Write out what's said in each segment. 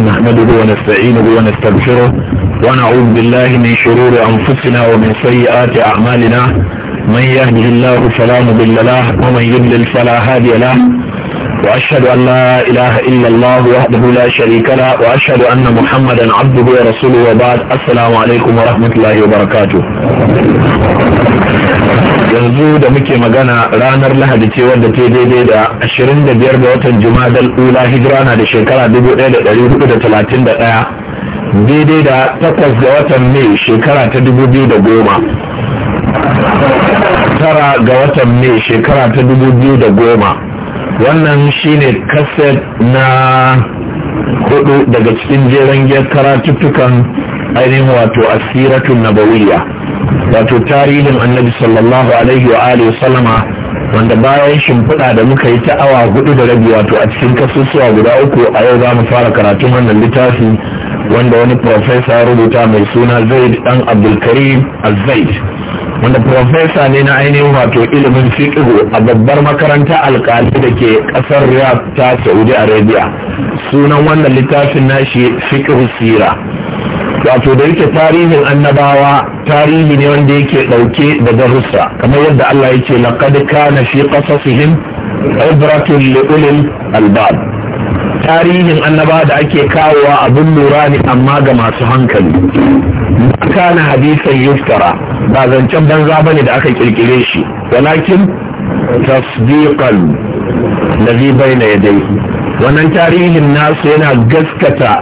نحمده ونستعينه ونستبشره ونعوذ بالله من شرور أنفسنا ومن سيئات أعمالنا من يهده الله فلا مضل له ومن يضلل فلا هادي له وأشهد أن لا إله إلا الله وحده لا شريك له وأشهد أن محمدا عبده ورسوله وبعد السلام عليكم ورحمة الله وبركاته yanzu da muke magana ranar lahadi ce wadda ta daidai da 25 ga watan jumadal ula hijira na da shekara 1431 daidai da 8 ga watan mai shekara ta 2010 tara ga watan mai shekara ta 2010 wannan shine kaset na hudu daga cikin jeren karatuttukan ainihin wato asiratun nabawiyya wato tarihin annabi sallallahu alaihi wa alihi sallama wanda bayan shimfiɗa da muka yi ta awa hudu da rabi wato a cikin kasusuwa guda uku a yau za mu fara karatun wannan littafi wanda wani profesa rubuta mai suna zaid dan abdulkarim al-zaid wanda profesa ne na ainihin wato ilimin fiqhu a babbar makaranta alkali da ke kasar riyadh ta saudi arabia sunan wannan littafin nashi fiqhu sira wato da yake tarihin annabawa tarihi ne wanda yake dauke da darussa kamar yadda Allah yake laqad kana fi qasasihim ibratun li ulil albab tarihin annaba da ake kawowa abin lura ne amma ga masu hankali kana hadisan yuftara ba zancen banza bane da aka kirkire shi walakin tasdiqan ladhi ya dai, wannan tarihin nasu yana gaskata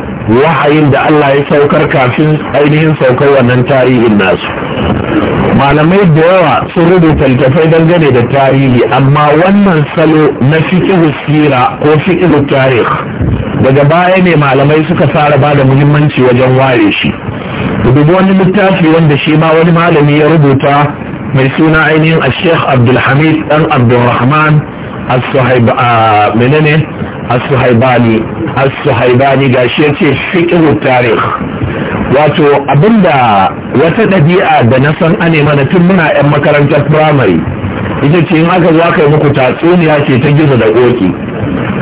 wahayin da Allah ya saukar kafin ainihin saukar wannan tarihin nasu malamai da yawa sun rubuta littattafai dangane da tarihi amma wannan salo na fiƙihu sira ko fiƙihu tarih daga baya ne malamai suka fara ba da muhimmanci wajen ware shi dubu wani littafi wanda shi ma wani malami ya rubuta mai suna ainihin a sheikh abdulhamid dan abdulrahman menene as-suhaibani as-suhaibani gashi ya ce fiƙihu tarih wato abinda wata ɗabi'a da na san ane mana tun muna 'yan makarantar firamare ita ce in aka zo aka muku tatsuniya ce ta gizo da ƙoƙi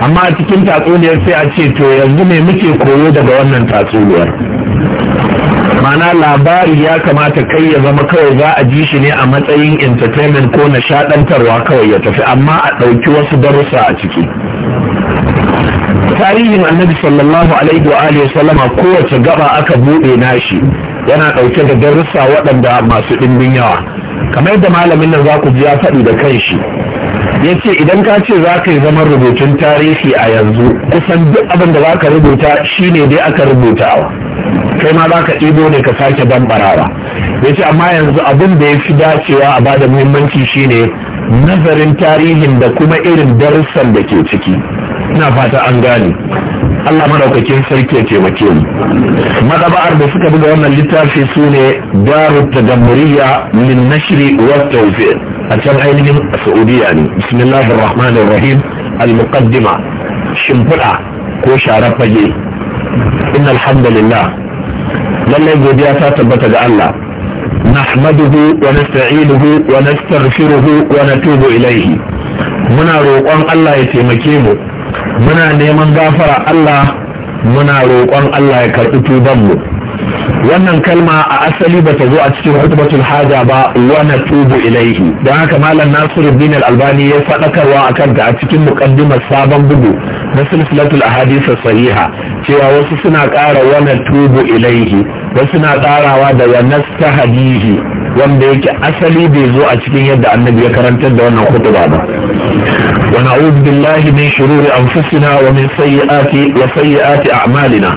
amma a cikin tatsuniyar sai a ce to yanzu ne muke koyo daga wannan tatsuniyar mana labari ya kamata kai ya zama kawai za a ji shi ne a matsayin entertainment ko nishaɗantarwa kawai ya tafi amma a ɗauki wasu darussa a ciki tarihin annabi sallallahu alaihi wa alihi sallama kowace gaba aka buɗe nashi yana ɗauke da darussa waɗanda masu ɗimbin yawa kamar da malamin nan za ku ji ya faɗi da kanshi ya ce idan ka ce za ka yi zaman rubutun tarihi a yanzu kusan duk abin da za ka rubuta shine dai aka rubutawa kai ma za ka ɗibo ne ka sake bambarawa ya ce amma yanzu abin da ya fi dacewa a bada muhimmanci shine nazarin tarihin da kuma irin darussan da ke ciki ina fata an gane Allah madaukakin sarki ya taimake mu madaba'ar da suka buga wannan littafi su ne daru tadammuriya min nashri wa tawfiq a can ainihin saudiya ne bismillahir rahmanir rahim al-muqaddima shimfiɗa ko sharar fage inna alhamdulillah lallai godiya ta tabbata ga Allah nahmaduhu wa nasta'inuhu wa nastaghfiruhu wa natubu ilayhi muna rokon Allah ya taimake mu muna neman gafara Allah muna roƙon Allah ya karɓi tubanmu wannan kalma a asali bata zo a cikin hutubatul haja ba wa natubu ilaihi don haka malam nasiru Al-Albani ya faɗakarwa akan ta a cikin muƙaddimar sabon bugu na silsilatul ahadith sahiha cewa wasu suna ƙara wa ilaihi wasu suna ƙarawa da wa nastahdihi wanda yake asali bai zo a cikin yadda annabi ya karantar da wannan hutuba ba ونعوذ بالله من شرور أنفسنا ومن سيئات وسيئات أعمالنا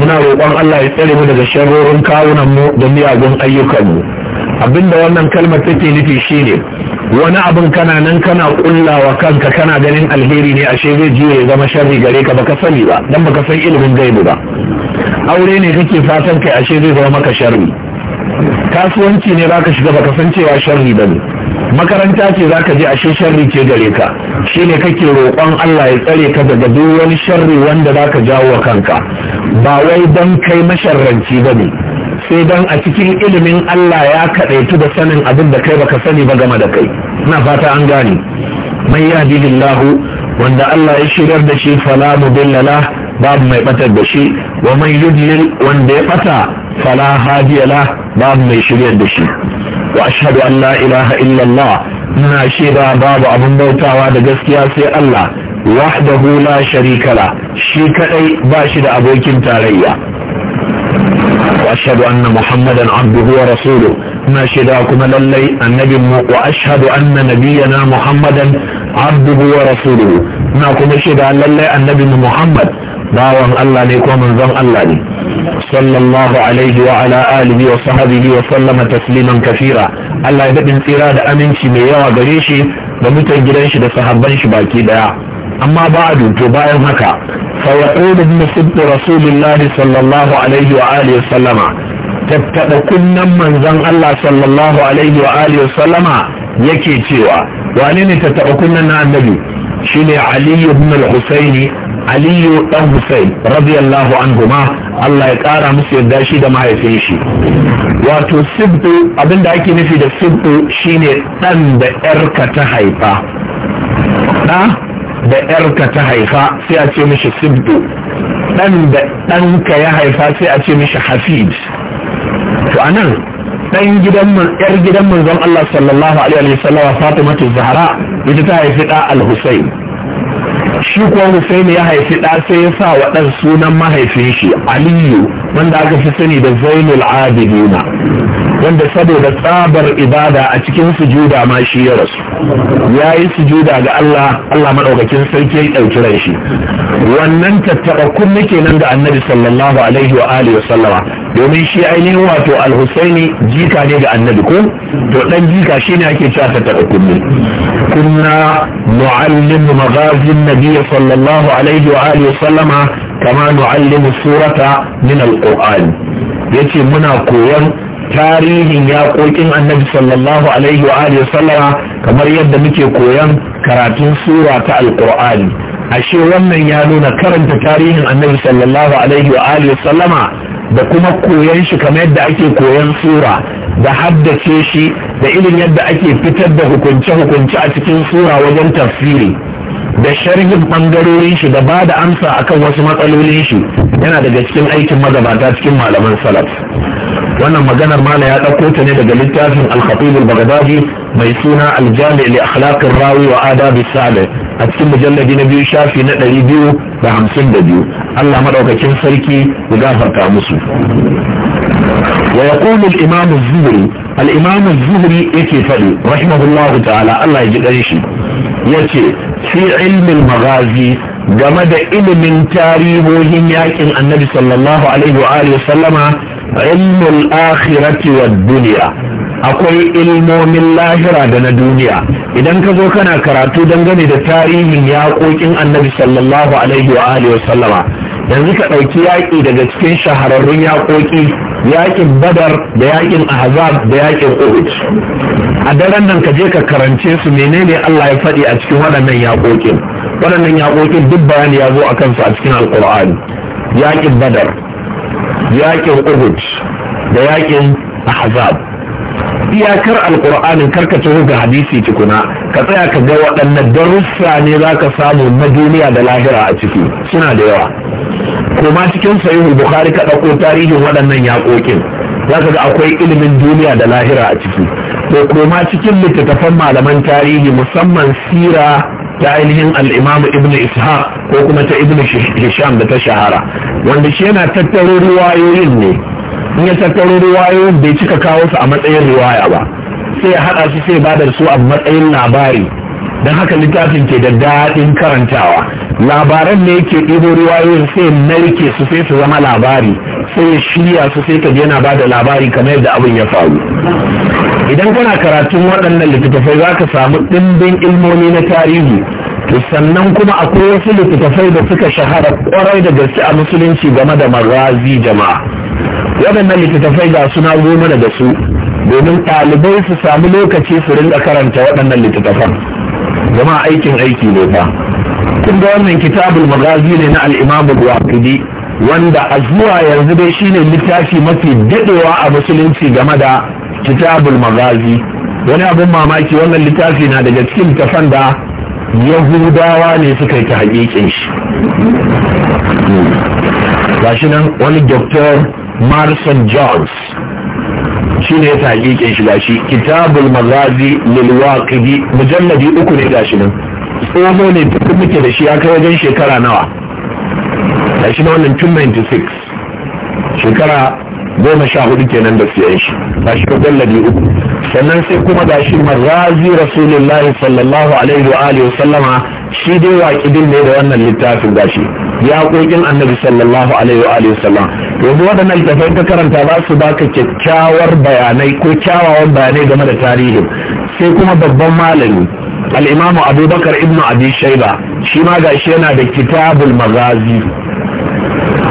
muna roƙon Allah ya tsare mu daga sharrorin kawunan mu da miyagun ayyukan mu abinda wannan kalmar take nufi shine wani abin kana nan kana kullawa kanka kana ganin alheri ne ashe zai jiya ya zama sharri gare ka baka sani ba dan baka san ilimin gaibu ba aure ne kake fatan kai ashe zai zama maka sharri kasuwanci ne baka shiga baka san cewa sharri bane makaranta ce za ka je ashe sharri ke gare ka shine kake roƙon Allah ya tsare ka daga duk wani sharri wanda za ka jawo wa kanka ba wai don kai masharranci ba ne sai don a cikin ilimin Allah ya kaɗaitu da sanin abin da kai baka sani ba game da kai ina fata an gane mai yahdihillahu wanda Allah ya shigar da shi fala mudilla babu mai batar da shi wa man yudlil wanda ya bata fala hadiya la babu mai shiryar da shi wa ashhadu an la ilaha illallah ina shaida babu abun bautawa da gaskiya sai Allah wahdahu la sharika la shi kadai ba shi da abokin tarayya wa ashhadu anna muhammadan abduhu wa rasuluhu ina shaida kuma lallai annabi mu wa ashhadu anna nabiyyana muhammadan abduhu wa rasuluhu ina kuma shaida lallai annabi muhammad bawan Allah ne ko manzon Allah ne sallallahu alaihi wa ala alihi wa sahbihi wa sallama tasliman kafira Allah ya daɗin tsira da aminci mai yawa gare shi da mutan gidan shi da sahabban shi baki daya amma ba'du to bayan haka fa yaqulu ibn sibb rasulillahi sallallahu alaihi wa alihi wa sallama tattaɓa kunnen manzon Allah sallallahu alaihi wa alihi wa sallama yake cewa wane ne tattaɓa kunnen na annabi shine ali ibn al-husaini aliyu dan husayn radiyallahu anhuma Allah ya kara musu yarda shi da mahaifin shi wato sibtu abinda ake nufi da sibtu shine dan da yarka ta haifa da da yarka ta haifa sai a ce mishi sibtu dan da danka ya haifa sai a ce mishi hafid to anan dan gidan yar gidan manzon Allah sallallahu alaihi wasallam Fatimatu Zahra ita ta haifi da Al-Husayn shi kuwa Hussein ya haifi ɗa sai ya sa wa ɗan sunan mahaifin shi Aliyu wanda aka fi sani da Zainul Abidina wanda saboda tsabar ibada a cikin sujuda ma shi ya rasu ya yi sujuda ga Allah Allah maɗaukakin sarki ya ɗauki ran shi wannan kun nake kenan da annabi sallallahu alaihi wa alihi wa sallama domin shi ainihin wato al-husaini jika ne ga annabi ko to dan jika shine ake cewa tattaɓa kunna nu'allim maghazin sallallahu alaihi wa alihi wa sallama kama nu'allimu surata min al-qur'an yace muna koyon tarihin yaƙoƙin annabi sallallahu alaihi wa alihi sallama kamar yadda muke koyan karatun sura ta alƙur'ani ashe wannan ya nuna karanta tarihin annabi sallallahu alaihi wa alihi sallama da kuma koyan shi kamar yadda ake koyan sura da haddace shi da irin yadda ake fitar da hukunce-hukunce a cikin sura wajen tafsiri da sharhin bangarorin shi da ba da amsa akan wasu matsalolin shi yana daga cikin aikin magabata cikin malaman salaf wannan maganar mala ya ɗauko ta ne daga littafin al-khatib al-baghdadi mai suna al-jami' li akhlaq rawi wa adab salih a cikin mujalladi na biyu shafi na ɗari biyu da hamsin da biyu Allah madaukakin sarki ya gafarta musu wa yaqulu al-imam az-zuhri al-imam az-zuhri yake faɗi rahimahullahu ta'ala Allah ya ji shi yace fi ilmin magazi game da ilimin tarihohin yakin annabi sallallahu alaihi wa sallama akhirati akwai ilmomin lahira da na duniya idan ka zo kana karatu dangane da tarihin yaƙoƙin annabi sallallahu alaihi wa sallama yanzu ka ɗauki yaƙi daga cikin shahararrun yaƙoƙi yaƙin badar da yaƙin ahzab da yaƙin uhud a daren nan ka je ka karance su menene Allah ya faɗi a cikin waɗannan yaƙoƙin waɗannan yaƙoƙin duk bayani ya zo a kansu a cikin alƙur'ani yaƙin badar yaƙin uhud da yaƙin ahzab iyakar alƙur'anin karka taho ga hadisi tukuna ka tsaya ka ga waɗannan darussa ne za ka samu na duniya da lahira a ciki suna da yawa kuma cikin sahihul bukhari ka dauko tarihin waɗannan yaƙoƙin zaka ga akwai ilimin duniya da lahira a ciki to kuma cikin littattafan malaman tarihi musamman sira ta ainihin al'imamu ibn ishaq ko kuma ta ibn hisham da ta shahara wanda shi yana tattaro riwayoyin ne in ya tattaro riwayoyin bai cika kawo su a matsayin riwaya ba sai ya haɗa su sai ba da su a matsayin labari don haka littafin ke da daɗin karantawa labaran ne ke ɗibo riwayoyin sai narke su sai su zama labari sai ya shirya su sai ka yana ba da labari kamar yadda abin ya faru idan kana karatun waɗannan littattafai za ka samu ɗimbin ilmomi na tarihi to sannan kuma akwai wasu littattafai da suka shahara kwarai da gaske a musulunci game da marazi jama'a waɗannan littattafai ga suna goma daga su domin ɗalibai su samu lokaci su rinka karanta waɗannan littattafan jama'a aikin aiki ne ba kun wannan kitabul magazi ne na al al-waqidi wanda a zuwa yanzu dai shine littafi mafi dadewa a musulunci game da kitabul magazi wani abin mamaki wannan littafi na daga cikin tafan da yahudawa ne suka yi ta hakikin shi gashi nan wani dr marson jones shi ne hakikin shi gashi kitabul magazi lil waqidi mujalladi uku ne gashi nan tsoho ne duk muke da shi ya kai wajen shekara nawa gashi na wannan 296 shekara goma sha hudu kenan da siyan shi gashi mujalladi uku sannan sai kuma gashi magazi rasulullahi sallallahu alaihi wa alihi wa sallama shi dai waqidin ne da wannan littafin gashi yaƙoƙin annabi sallallahu alaihi wa alihi sallam yanzu waɗannan littafai ka karanta za su baka kyakkyawar bayanai ko kyawawan bayanai game da tarihin sai kuma babban malami al-imam abubakar ibn abi shaiba shi ma gashi yana da kitabul magazi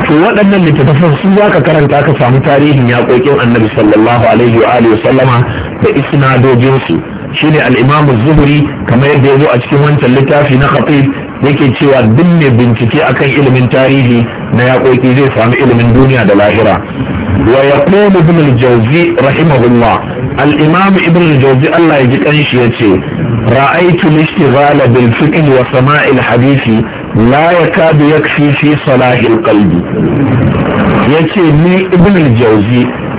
to waɗannan littattafan su za ka karanta ka samu tarihin yaƙoƙin annabi sallallahu alaihi wa alihi wasallama da isnadojinsu shine al-imam zuhuri kamar yadda ya zo a cikin wancan littafi na khatib yake cewa duk mai bincike akan ilimin tarihi na yaƙoƙi zai sami ilimin duniya da lahira wa yaqulu ibn al-jawzi rahimahullah ibn Allah ya ji kanshi yace ra'aytu al-ishtighala bil fiqh wa Sama'il hadisi la yakadu yakfi fi salahi qalbi yace ni ibn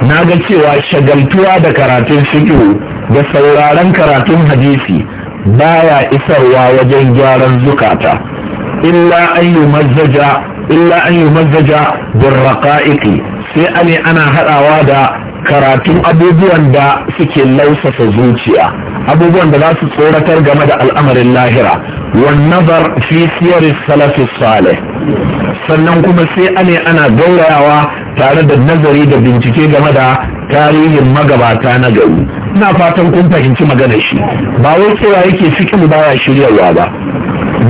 na ga cewa shagaltuwa da karatun fiqh da sauraron karatun hadisi baya isarwa wajen gyaran zukata illa an yi mazzaja illa an yi mazzaja birraƙa'iƙi sai ane ana haɗawa da karatun abubuwan da suke lausasa zuciya abubuwan da za su tsoratar game da al'amarin lahira والنظر في سير السلف الصالح sannan kuma sai ane ana gaurayawa tare da nazari da bincike game da tarihin magabata na gari ina fatan kun fahimci magana shi ba wai cewa yake fikin baya shiryarwa ba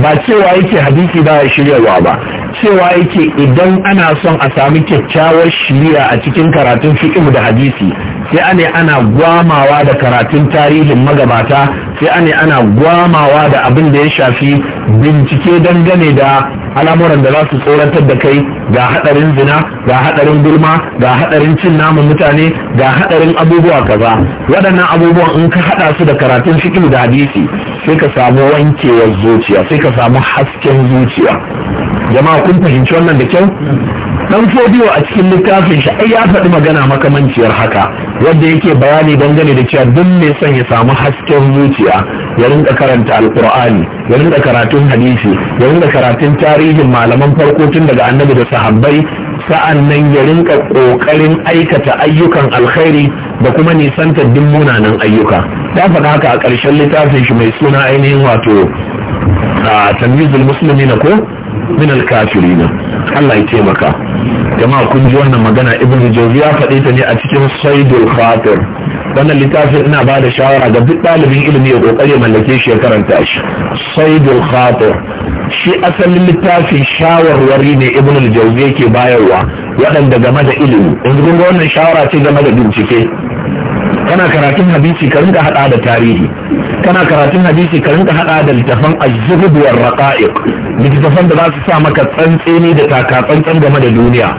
ba cewa yake hadisi baya shiryarwa ba cewa yake idan ana son a sami kyakkyawar shiriya a cikin karatun fiqh da hadisi sai ne ana gwamawa da karatun tarihin magabata sai ne ana gwamawa da abin da ya shafi bincike dangane da al'amuran da za su tsoratar da kai ga hadarin zina ga hadarin gulma ga hadarin cin naman mutane ga hadarin abubuwa kaza waɗannan abubuwan in ka haɗa su da karatun fiqh da hadisi sai ka samu wankewar zuciya sai ka samu hasken zuciya jama'a kun fahimci wannan da kyau dan fodiyo a cikin littafin shi ai ya faɗi magana makamanciyar haka wanda yake bayani dangane da cewa duk mai son ya samu hasken zuciya ya rinka karanta alkur'ani ya rinka karatun hadisi ya rinka karatun tarihin malaman farko tun daga annabi da sahabbai sa'an nan ya rinka ƙoƙarin aikata ayyukan alkhairi da kuma nisantar duk munanan ayyuka ta faɗa haka a ƙarshen littafin shi mai suna ainihin wato a tamyizul musulmi na ko min al Allah ya taimaka jama'a kun ji wannan magana ibn jawzi ya faɗe ta ne a cikin saidul khatir wannan littafin ina ba da shawara ga duk ɗalibin ilimi ya kokari mallake shi ya karanta shi saidul khatir shi asalin littafin shawarwari ne ibn jawzi yake bayarwa waɗanda game da ilimi yanzu kun ga wannan shawara ce game da bincike kana karatun hadisi ka rinka hada da tarihi kana karatun hadisi ka rinka hada da littafan az-zuhud war raqa'iq littafan da za su sa maka tsantseni da taka tsantsan game da duniya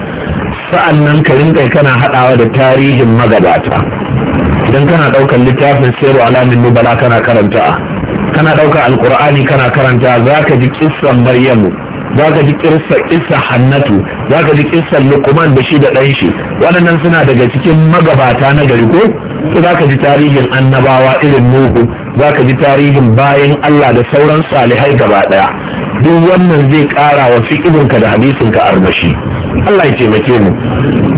sa'annan ka rinka kana hadawa da tarihin magabata idan kana ɗaukar littafin sayru alamin nubala kana karanta kana daukan alqur'ani kana karanta zaka ji kissan maryamu za ka ji kissa hannatu za ka ji kissa lukuman da shi da ɗan shi waɗannan suna daga cikin magabata na gari ko za ka ji tarihin annabawa irin nuhu za ka ji tarihin bayan allah da sauran salihai gaba daya duk wannan zai kara wa fikirinka da hadisinka armashi allah ya taimake mu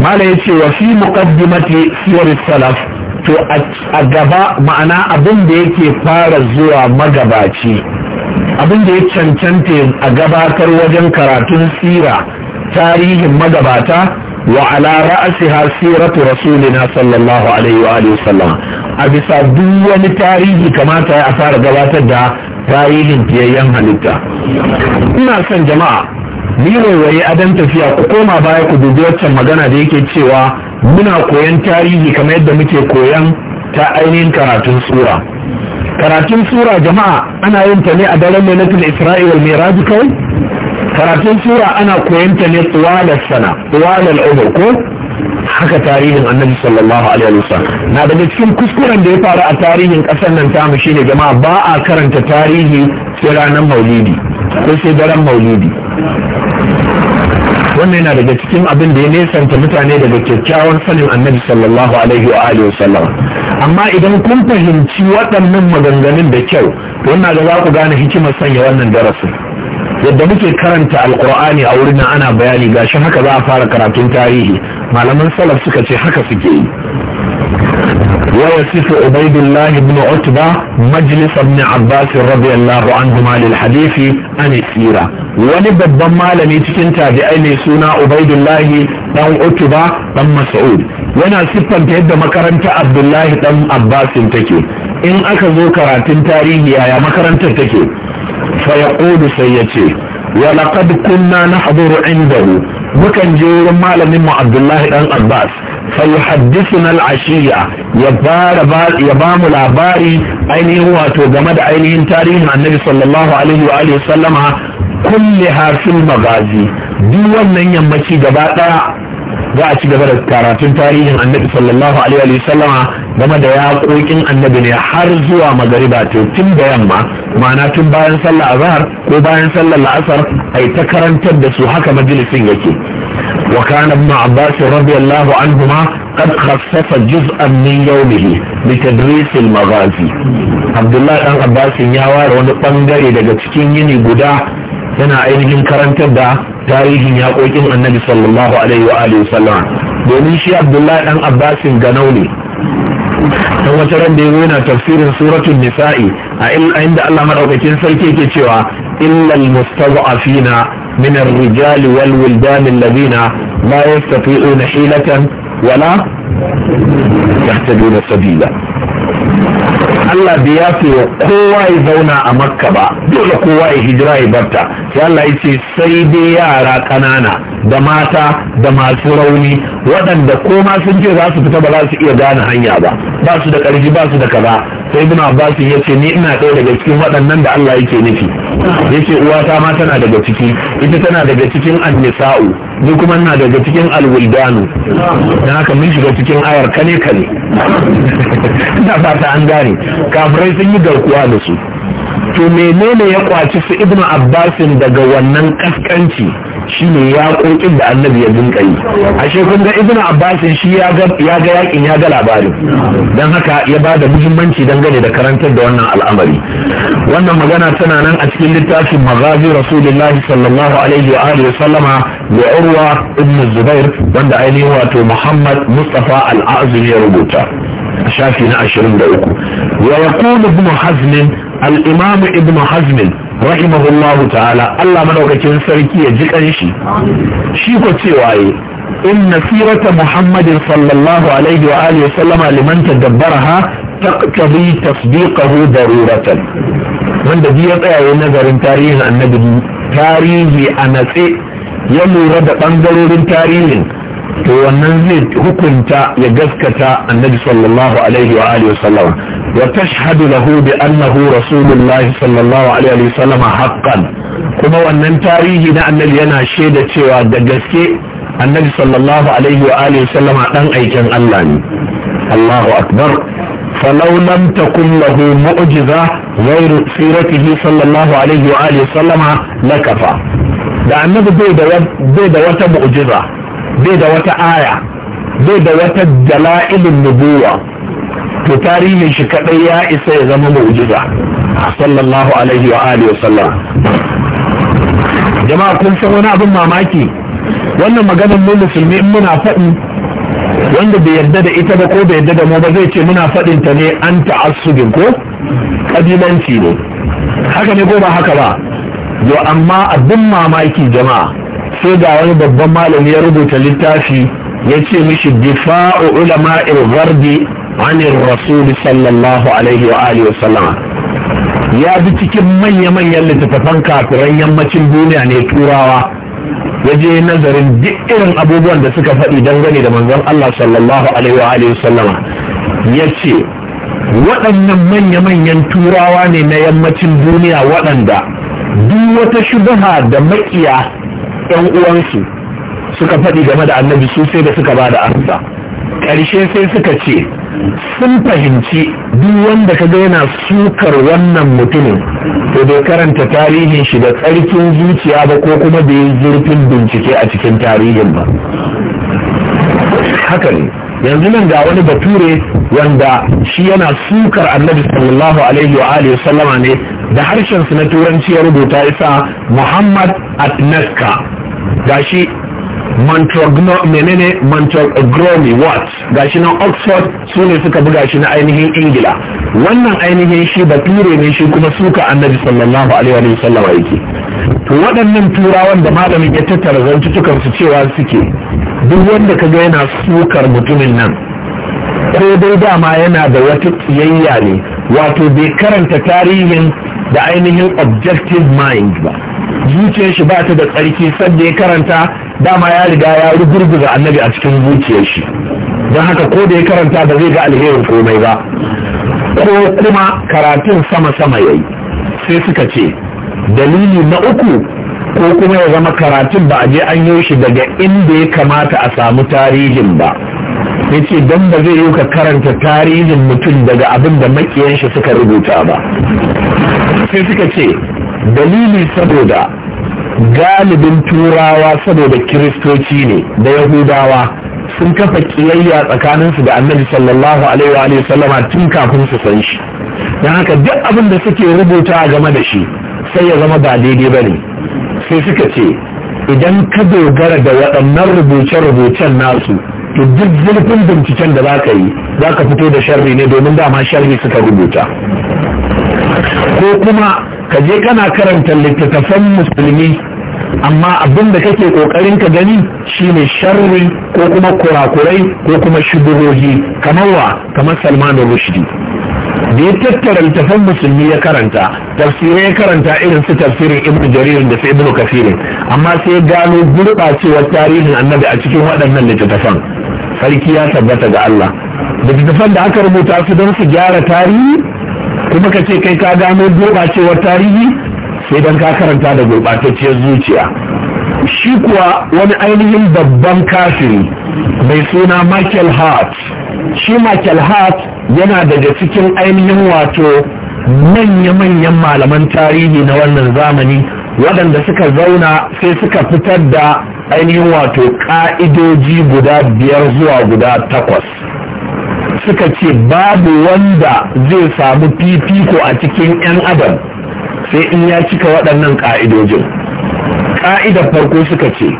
mala ya ce wa fi muqaddimati siyar salaf to a gaba ma'ana abin da yake fara zuwa magabaci abin da ya cancanta a gabatar wajen karatun sira tarihin magabata Wa'ala ra'asi har siratu rasulina sallallahu alaihi wa alihi sallam a bisa duwa ni tarihi kamata ya fara gabatar da tarihin yayin halitta ina son jama'a ni ne waye adam tafiya ku koma baya ku dubi wannan magana da yake cewa muna koyan tarihi kamar yadda muke koyan ta ainihin karatun sura Karatun sura jama'a ana yin ta ne a daren lailatul isra'i mai mi'raj kai karatun sura ana koyanta ne tuwalar sana tuwalar umur ko haka tarihin annabi sallallahu alaihi wasallam na daga cikin kuskuren da ya faru a tarihin kasar nan Ta tamu shine jama'a ba a karanta tarihi sai ranar maulidi ko sai daren maulidi wannan yana daga cikin abin da ya nesanta mutane daga kyakkyawan sanin annabi sallallahu alaihi wa alihi wasallam amma idan kun fahimci waɗannan maganganun da kyau to wannan da za ku gane hikimar sanya wannan darasin yadda muke karanta alkur'ani a wurin na ana bayani shi haka za a fara karatun tarihi malaman salaf suka ce haka suke yi wa yasifu ubaydullah ibn utba majlis ibn abbas radiyallahu anhu ma lil hadith an wani babban malami cikin tabi'ai ne suna ubaidullahi dan utba dan mas'ud yana siffanta yadda makaranta abdullah dan abbas take in aka zo karatun tarihi yaya makarantar take fayaqulu sai yace wa laqad kunna nahduru indahu mukan je wurin malamin mu Abdullahi dan Abbas fayuhaddithuna al-ashiya ya fara ya bamu labari ainihin wato game da ainihin tarihin Annabi sallallahu alaihi wa alihi sallama kulliha fil magazi duk wannan yammaci gaba za a ci gaba da karatun tarihin annabi sallallahu alaihi sallama game da yaƙoƙin annabi ne har zuwa magariba to tun da yamma ma'ana tun bayan sallah azhar ko bayan sallar la'asar ai ta karantar da su haka majalisin yake wa kana ibn abbas radiyallahu anhuma qad khassafa juz'an min yawmihi bi tadris al maghazi abdullahi dan abbas ya ware wani bangare daga cikin yini guda yana ainihin karantar da tarihin yaƙoƙin annabi sallallahu alaihi wa alihi sallama domin shi abdullahi dan abbasin ganau ne dan wata ran da yazo yana tafsirin suratul nisa'i a inda Allah madaukakin sarki yake cewa illal mustad'afina min ar rijal wal wildan alladhina la yastati'una hilatan wala yahtaduna sabila Allah bai ya wa kowa ya zauna a makka ba dole kowa ya hijira ya barta sai Allah ya ce sai dai yara ƙanana da mata da masu rauni waɗanda ko ma sun ce za su fita ba za su iya gane hanya ba ba su da ƙarfi ba su da kaza sai ibn Abbas ya ce ni ina ɗaya daga cikin waɗannan da Allah yake nufi yace uwata ma tana daga ciki ita tana daga cikin annisa'u ni kuma na daga cikin alwuldanu na haka mun shiga cikin ayar kane kane ina fata an gane kafirai sun yi garkuwa da su to menene ya kwaci su ibn abbasin daga wannan kaskanci shine ya kokin da annabi ya dinka yi ashe kun ga ibn abbasin shi ya ga ya ga yakin ya ga labarin dan haka ya ba da muhimmanci dangane da karantar da wannan al'amari wannan magana tana nan a cikin littafin maghazi rasulullahi sallallahu alaihi wa alihi sallama da urwa ibn zubair wanda ainihin wato muhammad mustafa al-azmi ya rubuta shafi na 23 wa yaqulu ibn hazm al-imam ibn hazmin rahimahullahu ta'ala Allah madaukakin sarki ya ji kanshi shi ko cewa yi nasirata sirata muhammadin sallallahu alaihi wa alihi sallama liman tadabbaraha taqtabi tasdiqahu daruratan wanda ji ya tsaya nazarin tarihin annabi tarihi a natse ya lura da bangarorin tarihin to wannan zai hukunta ya gaskata annabi sallallahu alaihi wa alihi wasallam wa tashhadu lahu bi annahu rasulullahi sallallahu alaihi wa sallam haqqan kuma wannan tarihi na annabi yana shaida cewa da gaske annabi sallallahu alaihi wa alihi wasallam dan aikin Allah ne Allahu akbar فلو لم تكن له معجزة غير سيرته صلى الله wa وآله وسلم لكفى da annabi bai da wata mu'jiza bai da wata aya bai da wata dala'ilin nubuwa to tarihin shi kadai ya isa ya zama mu'jiza sallallahu alaihi wa alihi wa sallam jama'a kun san wani abin mamaki wannan maganar mu musulmi in muna faɗi wanda bai yarda da ita ba ko bai yarda da mu ba zai ce muna faɗin ta ne an ta'assubin ko kabilanci ne haka ne ko ba haka ba yo amma abin mamaki jama'a sai ga wani babban malami ya rubuta littafi ya ce mishi difa'u ulama il-gharbi anil rasul sallallahu alaihi wa alihi wasallama ya bi cikin manya-manyan littattafan kafiran yammacin duniya ne turawa ya je nazarin duk irin abubuwan da suka faɗi dangane da manzon Allah sallallahu alaihi wa alihi wasallama ya ce waɗannan manya-manyan turawa ne na yammacin duniya waɗanda duk wata shubaha da maƙiya yan uwansu suka faɗi game da annabi su sai da suka ba da amsa ƙarshe sai suka ce sun fahimci duk wanda ka yana sukar wannan mutumin to bai karanta tarihin shi da tsarkin zuciya ba ko kuma da yi zurfin bincike a cikin tarihin ba haka ne yanzu nan ga wani bature wanda shi yana sukar annabi sallallahu alaihi wa alihi sallama ne da harshen su na turanci ya rubuta isa muhammad atnaska gashi menene Montrogromi ga gashi nan Oxford su ne suka buga shi na ainihin Ingila wannan ainihin shi bature ne shi kuma suka annabi sallallahu alaihi wa sallama yake to waɗannan turawan da malamin ya tattara zantutukan su cewa suke duk wanda ka yana sukar mutumin nan ko dai dama yana da wata tsiyayya ne wato bai karanta tarihin da ainihin objective mind ba zuciyar shi ba ta da tsarki sadda ya karanta dama ya riga ya rugurguza annabi a cikin zuciyar shi don haka ko da ya karanta ba zai ga alherin komai ba ko kuma karatun sama-sama yayi sai suka ce dalili na uku ko kuma ya zama karatun ba a je an yi shi daga inda ya kamata a samu tarihin ba ya ce don ba zai yi ka karanta tarihin mutum daga abin da makiyan shi suka rubuta ba sai suka ce dalili saboda galibin turawa saboda kiristoci ne da yahudawa sun kafa kiyayya tsakaninsu da annabi sallallahu alaihi wa sallama tun kafin su san shi don haka duk abin da suke rubuta game da shi sai ya zama ba daidai ba ne sai suka ce idan ka dogara da waɗannan rubuce-rubucen nasu to duk zurfin binciken da za ka yi za ka fito da sharri ne domin dama sharri suka rubuta ko kuma ka je kana karanta littattafan musulmi amma abin da kake kokarin ka gani shine sharri ko kuma kurakurai ko kuma shubuhohi kamar wa kamar salman rushdi da ya tattara littattafan musulmi ya karanta tafsirai ya karanta irin su tafsirin ibn Jaririn da su ibn kafirin amma sai gano gurɓacewar tarihin annabi a cikin waɗannan littattafan sarki ya tabbata ga Allah littattafan da aka rubuta su don su gyara tarihi kuma ka ce kai ka gano gurɓacewar tarihi sai don ka karanta da gurɓatacciyar zuciya shi kuwa wani ainihin babban kafiri mai suna michael hart shi michael hart yana daga cikin ainihin wato manya-manyan malaman tarihi na wannan zamani waɗanda suka zauna sai suka fitar da ainihin wato ƙa'idoji guda biyar zuwa guda takwas suka ce babu wanda zai samu fifiko a cikin 'yan adam sai in ya cika waɗannan ƙa'idojin ƙa'idar farko suka ce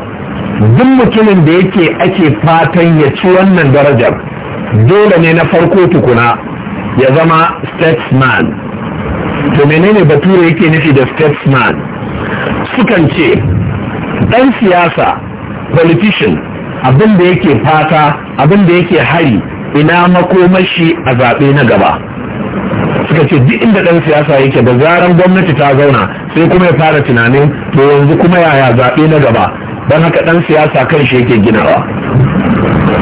duk mutumin da yake ake fatan ya ci wannan darajar dole ne na farko tukuna ya zama statesman to menene bature yake nufi da statesman sukan ce ɗan siyasa politician abin da yake fata abin da yake hari ina makomashi a zaɓe na gaba suka ce duk inda ɗan siyasa yake da zaran gwamnati ta zauna sai kuma ya fara tunanin to yanzu kuma yaya zaɓe na gaba don haka ɗan siyasa kan shi yake ginawa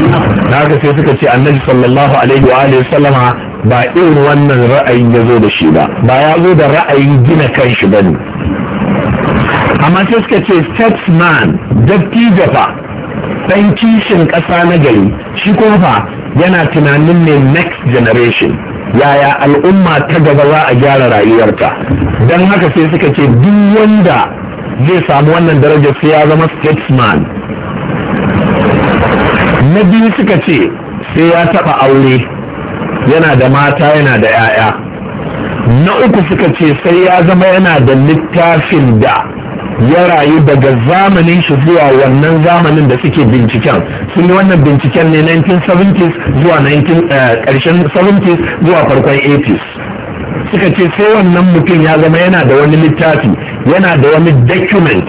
Na haka sai suka ce annabi sallallahu alaihi wa alihi sallama ba irin wannan ra'ayin ya zo da shi ba ba ya zo da ra'ayin gina kan shi ba ne. amma sai suka ce statesman dattijo fa ɗan kishin ƙasa na gari shi kuma fa yana tunanin ne next generation yaya al'umma ta gaba za a gyara rayuwarta don haka sai suka ce duk wanda zai samu wannan darajar sai ya zama statesman na biyu suka ce sai ya taɓa aure yana da mata yana da 'ya'ya na uku suka ce sai ya zama yana da littafin da ya rayu daga zamanin shi zuwa wannan zamanin da suke binciken sun yi wannan binciken ne 1970s zuwa karshen eh, 70s zuwa farkon 80s suka ce sai wannan mutum ya zama yana da wani littafi yana da wani document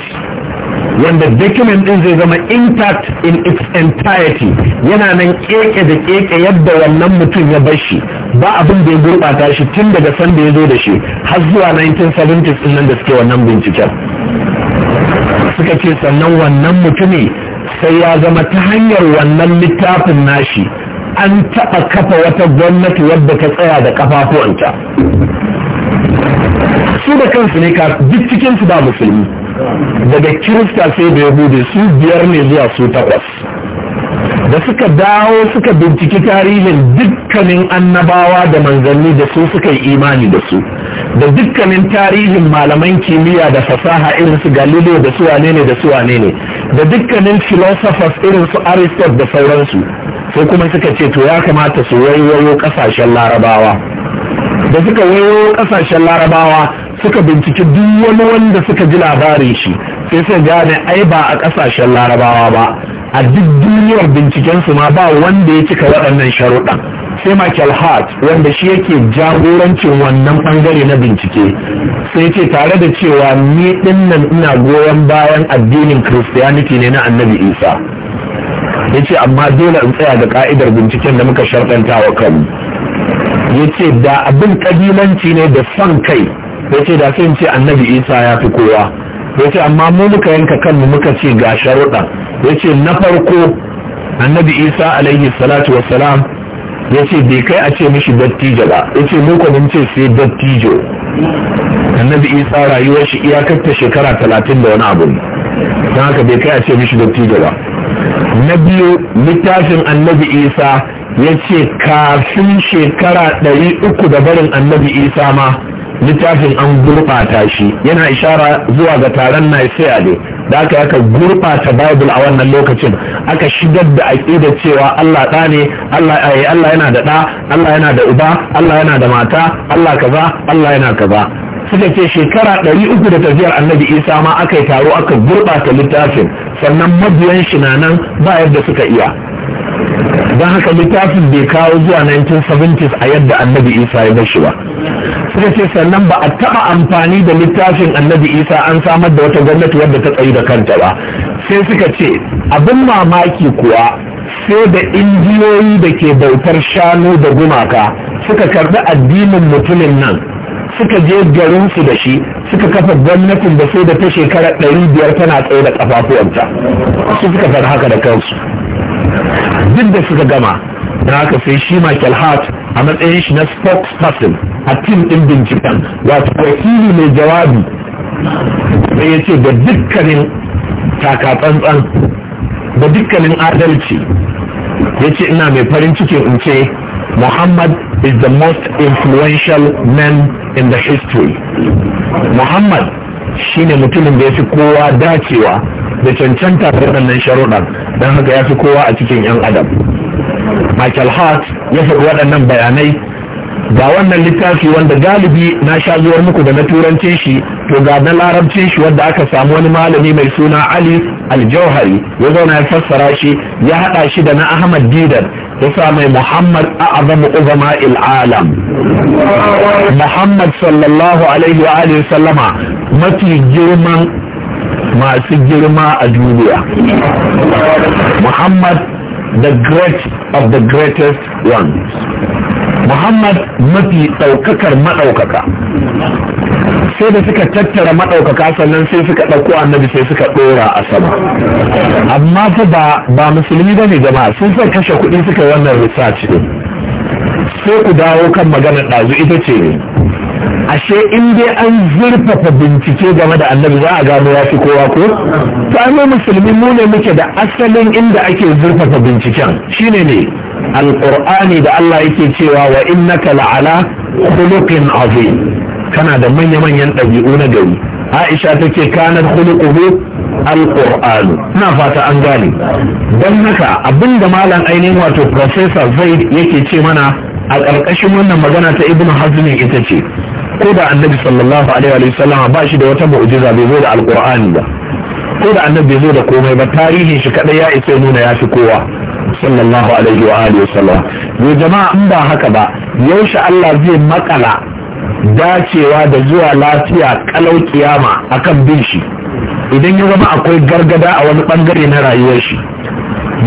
wanda document din zai zama intact in its entirety yana nan keke da keke yadda wannan mutum ya bar shi ba abin da ya gurbata shi tun daga sanda ya zo da shi har zuwa 1970s din nan da suke wannan binciken suka ce sannan wannan mutumi sai ya zama ta hanyar wannan littafin nashi an taɓa kafa wata gwamnati wadda ta tsaya da kafafuwanta su da kansu ne ka duk cikinsu ba musulmi daga kirista sai da yahudi su biyar ne zuwa su takwas da suka dawo suka binciki tarihin dukkanin annabawa da manzanni da su suka yi imani da su da dukkanin tarihin malaman kimiyya da fasaha irin su galileo da su ne da su ne da dukkanin philosophers irin su aristotle da sauransu sai kuma suka ce to ya kamata su wayo kasashen larabawa da suka wayo kasashen larabawa suka binciki duk wani wanda suka ji labarin shi sai sai gane ai ba a kasashen larabawa ba a duk duniyar bincikensu ma ba wanda ya cika waɗannan sharuɗan sai Michael Hart wanda shi yake jagorancin wannan ɓangare na bincike sai ce tare da cewa ni dinnan ina goyon bayan addinin Christianity ne na Annabi Isa Ya ce amma dole in tsaya ga ka'idar binciken da muka sharɗanta wa kanmu ce da abin ƙabilanci ne da son kai Ya ce da sai ce Annabi Isa ya fi kowa ya ce amma mu muka yanka kanmu muka ce ga sharuɗa ya ce na farko annabi isa alaihi salatu salam ya ce bai kai a ce mishi dattijo ba ya ce muka mun ce sai dattijo annabi isa rayuwar shi iyakar ta shekara talatin da wani abu don haka bai kai a ce mishi dattijo ba na biyu littafin annabi isa ya ce kafin shekara ɗari uku da barin annabi isa ma littafin an gurɓata shi yana ishara zuwa ga taron Nicaea ne da aka aka gurɓata Bible a wannan lokacin aka shigar da aƙida cewa Allah ɗa ne eh, Allah yana da ɗa Allah yana da uba Allah yana da mata Allah kaza Allah yana kaza suka ce shekara ɗari uku da tafiyar annabi isa ma aka yi taro aka gurɓata littafin sannan mabiyan shi na nan ba yadda suka iya don haka littafin bai kawo zuwa 1970s a yadda annabi isa ya bashi ba sai ce sannan ba a taɓa amfani da littafin annabi isa an samar da wata gwamnati wadda ta tsayi da kanta ba sai suka ce abin mamaki kuwa sai da injiyoyi da ke bautar shanu da gumaka suka karɓi addinin mutumin nan suka je garinsu da shi suka kafa gwamnatin da sai da ta shekara ɗari biyar tana tsaye da ƙafafuwanta su suka fara haka da kansu duk da suka gama Na haka sai shi michael hart a matsayin shi na spokesperson a tim ɗin binciken wato wakili mai jawabi sai ya ce da dukkanin takatsantsan da dukkanin adalci ya ce ina mai farin cikin in ce muhammad is the most influential man in the history muhammad ne mutumin da ya fi kowa dacewa da cancanta da waɗannan sharuɗan don haka ya fi kowa a cikin 'yan adam michael hart ya faɗi waɗannan bayanai ga wannan littafi wanda galibi na sha zuwar muku da na turancin shi to ga na larabcin shi wanda aka samu wani malami mai suna ali aljauhari ya zauna ya fassara shi ya haɗa shi da na ahmad didar ya sa mai muhammad a azamu uzama alam muhammad sallallahu alaihi wa alihi sallama mafi girman masu girma a duniya muhammad the great of the greatest ones Muhammad mafi ɗaukakar maɗaukaka sai da suka tattara maɗaukaka sannan sai suka ɗauko annabi sai suka ɗora a sama amma fa ba ba musulmi ba ne jama'a sun sai kashe kuɗi suka wannan research ɗin sai ku dawo kan magana ɗazu ita ce ne ashe in dai an zurfafa bincike game da annabi za a gano ya fi kowa ko to ai musulmi mu ne muke da asalin inda ake zurfafa binciken shine ne alqur'ani da Allah yake cewa wa innaka la'ala khuluqin azim kana da manya-manyan ɗabi'u na gari Aisha take kanar khuluquhu alqur'an ina fata an gane don haka abinda malam ainihin wato professor Zaid yake ce mana a ƙarƙashin wannan magana ta Ibn Hazm ita ce ko da annabi sallallahu alaihi wa sallam ba shi da wata mu'jiza bai zo da alqur'ani ba ko da annabi bai zo da komai ba tarihin shi kadai ya isa nuna ya fi kowa sallallahu alaihi wa alihi sallam yo jama'a in ba haka ba yaushe Allah zai makala dacewa da zuwa lafiya kalau kiyama akan bin shi idan ya zama akwai gargada a wani bangare na rayuwar shi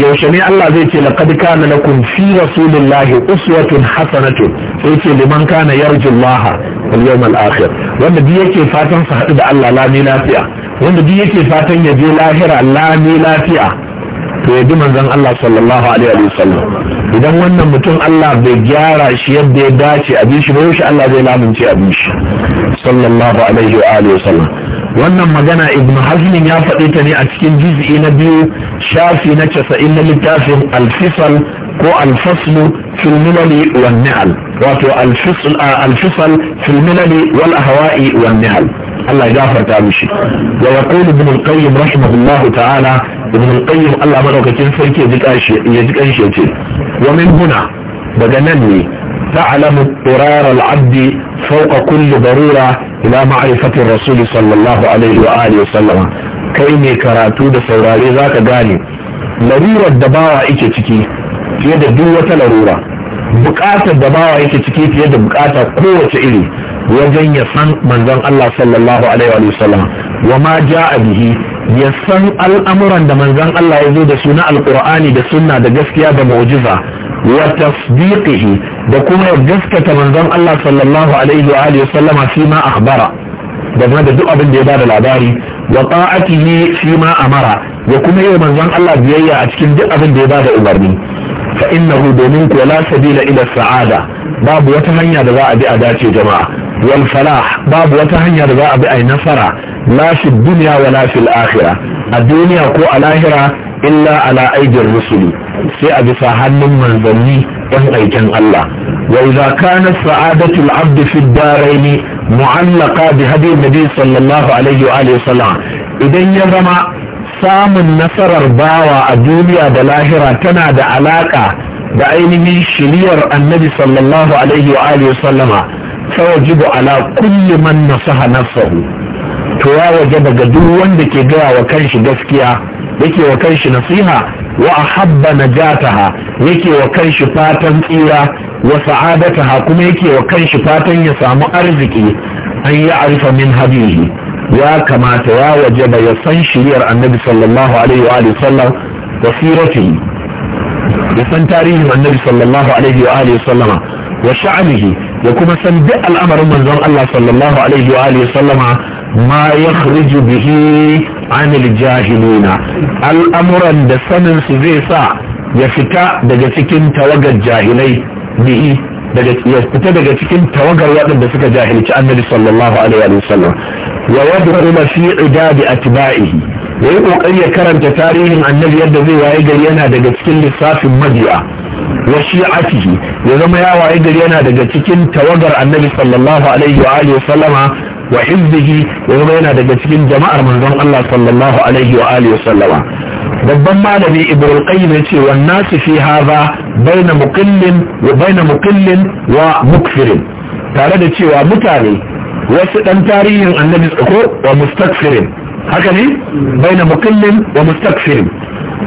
yaushe ne Allah zai ce laqad kana lakum fi rasulillahi uswatun hasanatun sai ce liman kana yarju Allah wal yawmal akhir wanda duk yake fatan sa hadu da Allah la ni lafiya wanda duk yake fatan ya je lahira ni lafiya to ya bi manzon Allah sallallahu alaihi wa sallam idan wannan mutum Allah bai gyara shi yadda ya dace a bi ba yaushe Allah zai lamunce a bi sallallahu alaihi wa alihi wa sallam wannan magana Ibnu hazmin ya faɗi ta ne a cikin jizi na biyu shafi na casa'in na littafin alfisal ko alfaslu filmilali wa ni'al wato alfisal filmilali wal hawa'i wa ni'al Allah ya gafarta mishi wa ya kuli ibn al-qayyim rahimahullah ta'ala ibn al-qayyim Allah madaukakin sarki ya ji kanshi ya wa min huna daga nan ne Ta اضطرار العبد فوق كل ضرورة إلى معرفة الرسول صلى الله عليه وآله وسلم kai mai karatu da saurare za ka gane larurar da bawa yake ciki fiye da duk wata larura buƙatar da bawa yake ciki fiye da bukata kowace iri wajen ya san manzon Allah sallallahu alaihi wa sallam wa ma ja'a bihi ya san al'amuran da manzan Allah ya zo da su na alƙur'ani da sunna da gaskiya da mu'jiza wa tasdiqihi da kuma ya gaskata manzan Allah sallallahu alaihi wa alihi sallama fi ma akhbara da da duk abin da ya bada labari wa ta'atihi fi ma amara ya kuma yi manzan Allah biyayya a cikin duk abin da ya bada umarni fa innahu domin kuwa la sabila ila sa'ada babu wata hanya da za a bi a dace jama'a wal falah babu wata hanyar da za a bi ai nasara lafi duniya dunya wala fil a duniya ko a lahira illa ala aidin rusuli sai a bisa hannun manzanni ɗan aikin Allah wa idza na saadatul al-abd fi ad-darain bi hadi nabi sallallahu alaihi wa alihi wasallam idan ya zama samun nasarar bawa a duniya da lahira tana da alaka da ainihin shiriyar annabi sallallahu alaihi wa alihi wasallama fawajibu ala kulli man nasaha nafsahu to ya waje daga duk wanda ke gaya wa kanshi gaskiya yake wa kanshi nasiha wa ahabba najataha yake wa kanshi fatan tsira wa sa'adataha kuma yake wa kanshi fatan ya samu arziki an yi arifa min habihi ya kamata ya waje da ya san shiriyar annabi sallallahu alaihi wa ya san tarihin annabi sallallahu alaihi wa ya kuma san duk al'amarin manzon Allah sallallahu alaihi wa alihi sallama ma bihi anil jahiluna al'amuran da sanin su zai sa ya fita daga cikin tawagar jahilai bihi daga ya fita daga cikin tawagar waɗanda suka jahilci annabi sallallahu alaihi wa sallam wa yadruba fi idadi atba'ihi yayi kokari ya karanta tarihin annabi yadda zai waye gari yana daga cikin lissafin mabiya wa shi'atihi ya zama ya waye gari yana daga cikin tawagar annabi sallallahu alaihi wa alihi sallama wa hizbihi ya zama yana daga cikin jama'ar manzon Allah sallallahu alaihi wa alihi sallama babban malami ibrahim qayyim ya ce nasu fi hadha baina muqillin wa baina muqillin wa mukfirin tare da cewa mutane wasu dan tarihin annabi ko wa mustakfirin haka ne baina muqillin wa mustakfirin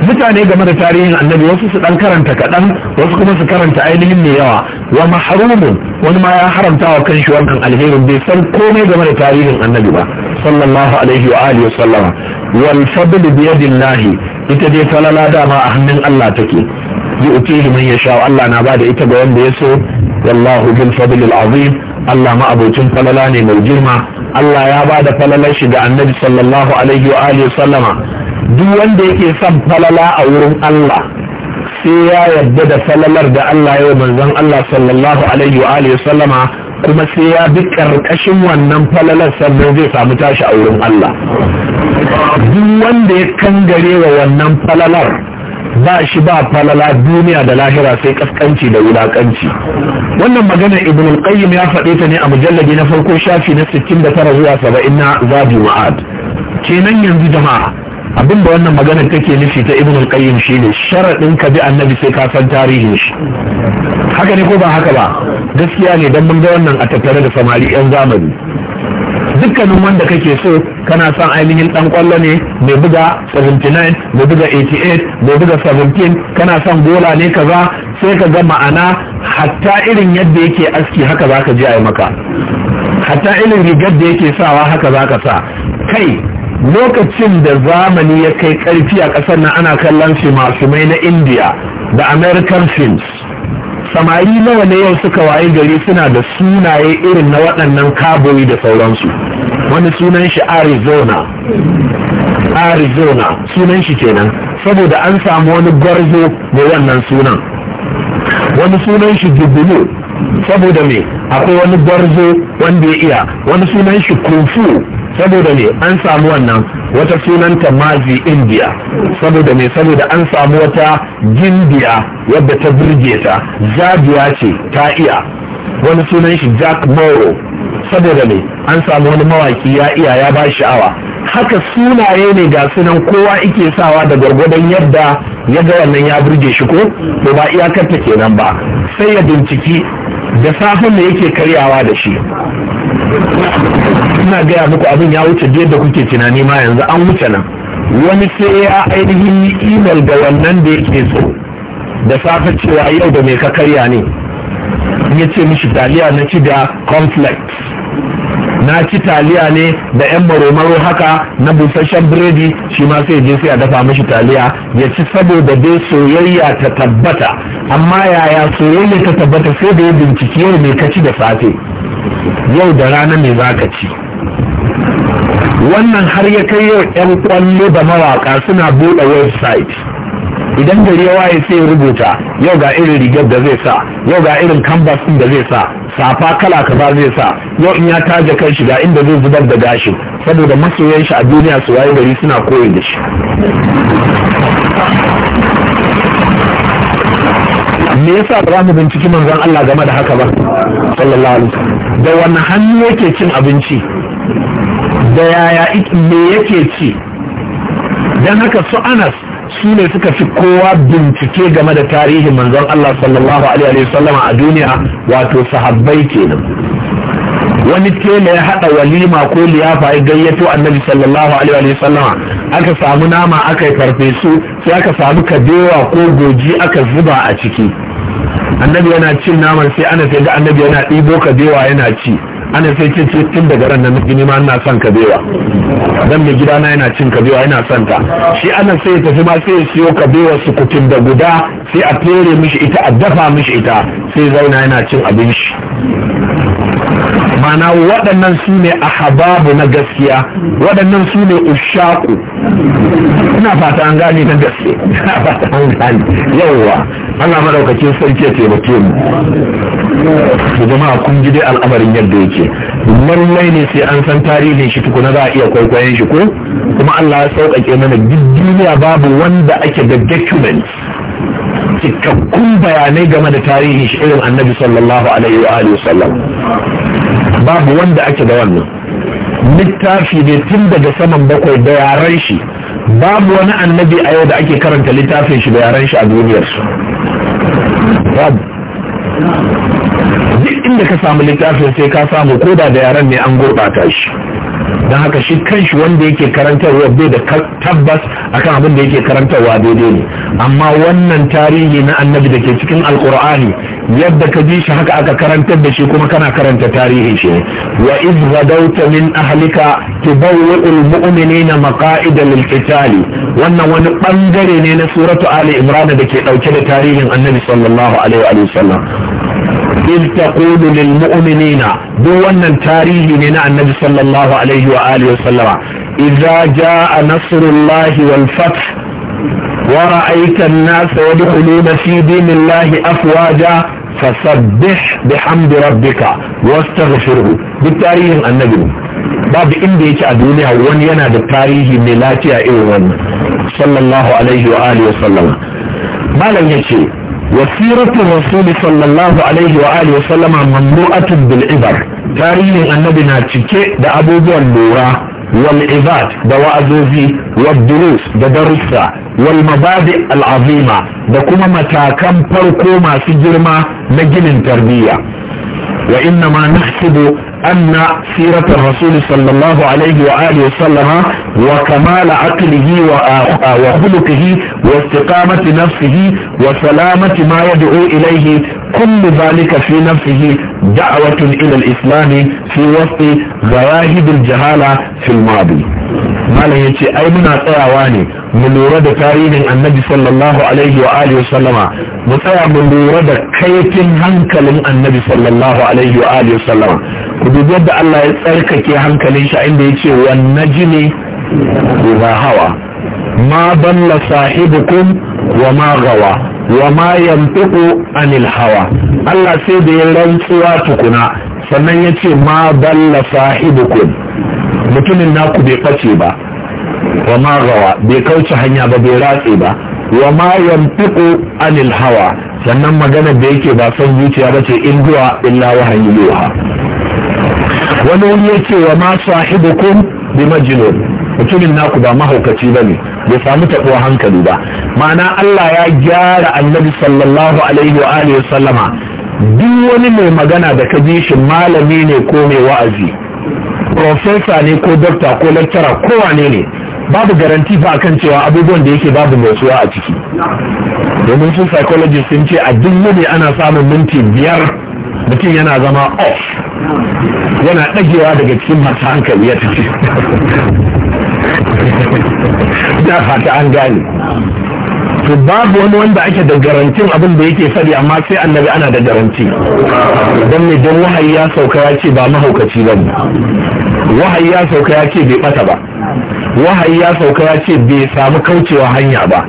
mutane game da tarihin annabi wasu su dan karanta kaɗan wasu kuma su karanta ainihin mai yawa wa mahrumun wani ma ya haramta wa kanshi wannan alherin bai san komai game da tarihin annabi ba sallallahu alaihi wa alihi wa sallama wal fadl bi ita dai falala dama a hannun Allah take yu'tihi man yasha Allah na bada ita ga wanda ya so wallahu bil fadl al azim Allah ma abocin falala ne mai girma Allah ya bada falalar shi ga annabi sallallahu alaihi wa alihi wa sallama duk wanda yake son falala a wurin Allah sai ya yarda da falalar da Allah ya manzon Allah sallallahu alaihi wa alihi sallama kuma sai ya bi karkashin wannan falalar sannan zai samu tashi a wurin Allah duk wanda ya kangare wa wannan falalar ba shi ba falala duniya da lahira sai kaskanci da wulakanci wannan magana ibn al-qayyim ya faɗe ta ne a mujalladi na farko shafi na 69 zuwa 70 na zabi ma'ad kenan yanzu jama'a abin da wannan maganar take nufi ta ibn qayyim shine sharadin ka bi annabi sai ka san tarihin shi haka ne ko ba haka ba gaskiya ne dan mun ga wannan a tattare da samari yan zamani dukkanin wanda kake so kana son ainihin dan kwallo ne mai buga 79 mai buga 88 mai buga 17 kana son gola ne kaza sai ka ga ma'ana hatta irin yadda yake aski haka za ka ji a maka hatta irin rigar da yake sawa haka za ka sa kai lokacin da zamani ya kai karfi a kasar nan ana kallon masu mai na india da american films samari nawa ne yau suka waye gari suna da sunaye irin na waɗannan kaboyi da sauransu wani sunan shi arizona arizona sunan shi kenan saboda an samu wani gwarzo da wannan sunan wani sunan shi dubulo saboda me akwai wani gwarzo wanda ya iya wani sunan shi kufu saboda ne an samu wannan wata sunanta mazi indiya saboda ne saboda an samu wata gindiya wadda ta birge ta zabiya ce ta iya wani sunan shi jack moro saboda ne an samu wani mawaki ya iya ya ba sha'awa haka sunaye ne ga sunan kowa ike sawa da gwargwadon yadda ya ga wannan ya burge shi ko ba iyakar ta kenan ba sai ya binciki da safen da yake karyawa da shi ina gaya muku abin ya wuce yadda kuke tunani ma yanzu an wuce nan wani sai ya ainihin yi imel ga wannan da yake so da safe cewa yau da mai ka karya ne ya ce mishi taliya na ci da conflict na ci taliya ne da yan maromaro haka na busasshen biredi shi ma sai je sai a dafa mashi taliya ya ci saboda dai soyayya ta tabbata amma yaya soyayya ta tabbata sai da ya bincike yau mai kaci da safe yau da rana mai za ka ci wannan har ya kai yau 'yan kwallo da mawaka suna buɗe website idan gari ya waye sai rubuta yau ga irin rigar da zai sa yau ga irin canvas din da zai sa safa kala kaza zai sa yau in ya taje kan ga inda zai zubar da gashi saboda masoyan shi a duniya su waye gari suna koyi da shi me yasa ba mu binciki manzon Allah game da haka ba sallallahu alaihi da wani hannu yake cin abinci da yaya me yake ci dan haka su Anas su ne suka fi kowa bincike game da tarihin manzon Allah sallallahu alaihi wasallama a duniya wato sahabbai kenan wani tela ya hada walima ko liyafa ya gayyato annabi sallallahu alaihi wasallama aka samu nama aka yi farfesu sai aka samu kabewa ko goji aka zuba a ciki annabi yana cin naman sai ana sai ga annabi yana ɗibo kabewa yana ci ana sai ce tun daga ran nan gini ma ina son kabewa dan mai gidana yana cin kabewa yana son ta shi ana sai ya tafi ma sai ya siyo kabewa su kutin da guda sai a fere mishi ita a dafa mishi ita sai zauna yana cin abin shi mana waɗannan su ne hababu na gaskiya waɗannan su ne ushaku ina fata an gane na gaske ina fata an gane yawwa Allah madaukakin sarki ya taimake mu jama'a kun ji dai al'amarin yadda yake lallai ne sai an san tarihin shi tukuna za a iya kwaikwayon shi ko kuma Allah ya sauƙaƙe mana duk duniya babu wanda ake da document cikakkun bayanai game da tarihin shi irin annabi sallallahu alaihi wa alihi babu wanda ake da wannan littafi ne tun daga saman bakwai da yaran shi babu wani annabi a yau da ake karanta littafin shi da yaran shi a duniyarsu duk inda ka samu littafin sai ka samu koda da yaran ne an gurɓata shi don haka shi kanshi wanda yake karantarwa bai da tabbas akan abin da yake karantarwa daidai ne amma wannan tarihi na annabi da ke cikin alkur'ani yadda ka ji shi haka aka karantar da shi kuma kana karanta tarihi shi ne wa iz gadauta min ahlika tubawwi'ul mu'minina maqa'ida lil wannan wani bangare ne na suratu ali imran da ke dauke da tarihin annabi sallallahu alaihi wa sallam إذ تقول للمؤمنين دون التاريخ من النبي صلى الله عليه وآله وسلم إذا جاء نصر الله والفتح ورأيت الناس يدخلون في دين الله أفواجا فسبح بحمد ربك واستغفره بالتاريخ النبي babu inda yake a duniya wani yana da tarihi mai lafiya irin wannan sallallahu alaihi wa alihi wa sallama malam yace وسيرة الرسول صلى الله عليه وآله وسلم مملوءة بالعبر تاريخ النبي ناتشيكي دا أبو بوالدورة والعباد دا وأزوزي والدروس دا درسة والمبادئ العظيمة دا كما متاكم فرقو ما سجرما نجل تربية وإنما نحسب أن سيرة الرسول صلى الله عليه وآله وسلم وكمال عقله وخلقه واستقامة نفسه وسلامة ما يدعو إليه كل ذلك في نفسه دعوة إلى الإسلام في وسط غواهب الجهالة في الماضي malam yace ai muna tsayawa ne mu lura da tarihin annabi sallallahu alaihi wa alihi wa sallama mu tsaya mu lura da kaifin hankalin annabi sallallahu alaihi wa alihi wa sallama ku dubi yadda Allah ya tsarkake hankalin shi inda yace wan najmi idha hawa ma dalla sahibukum wa ma gawa wa ma yantiqu anil hawa Allah sai da ya rantsuwa tukuna sannan yace ma dalla sahibukum mutumin naku bai ɓace ba wa ma bai kauce hanya ba bai ratse ba wa ma yantiqu anil hawa sannan magana da yake ba son zuciya ba ce in zuwa illa wahayi yuha wani wani yake wa ma sahibukum bi majnun mutumin naku ba mahaukaci ba ne bai samu taɓuwa hankali ba ma'ana Allah ya gyara annabi sallallahu alaihi wa alihi sallama duk wani mai magana da ka shi malami ne ko mai wa'azi profesa ne ko dokta ko lecturer ko wane ne babu garanti ba kan cewa abubuwan da yake babu motsuwa a ciki domin su psychologist sun ce a duk yadda ana samun minti biyar mutum yana zama off yana ɗagewa daga cikin masu hankali ya tafi da fata an gane to babu wani wanda ake da garantin abin da yake faɗi amma sai annabi ana da garanti don me don wahayi ya sauka ya ce ba mahaukaci ba wahayi ya sauka ya ce bai bata ba wahayi ya sauka ya ce bai samu kaucewa hanya ba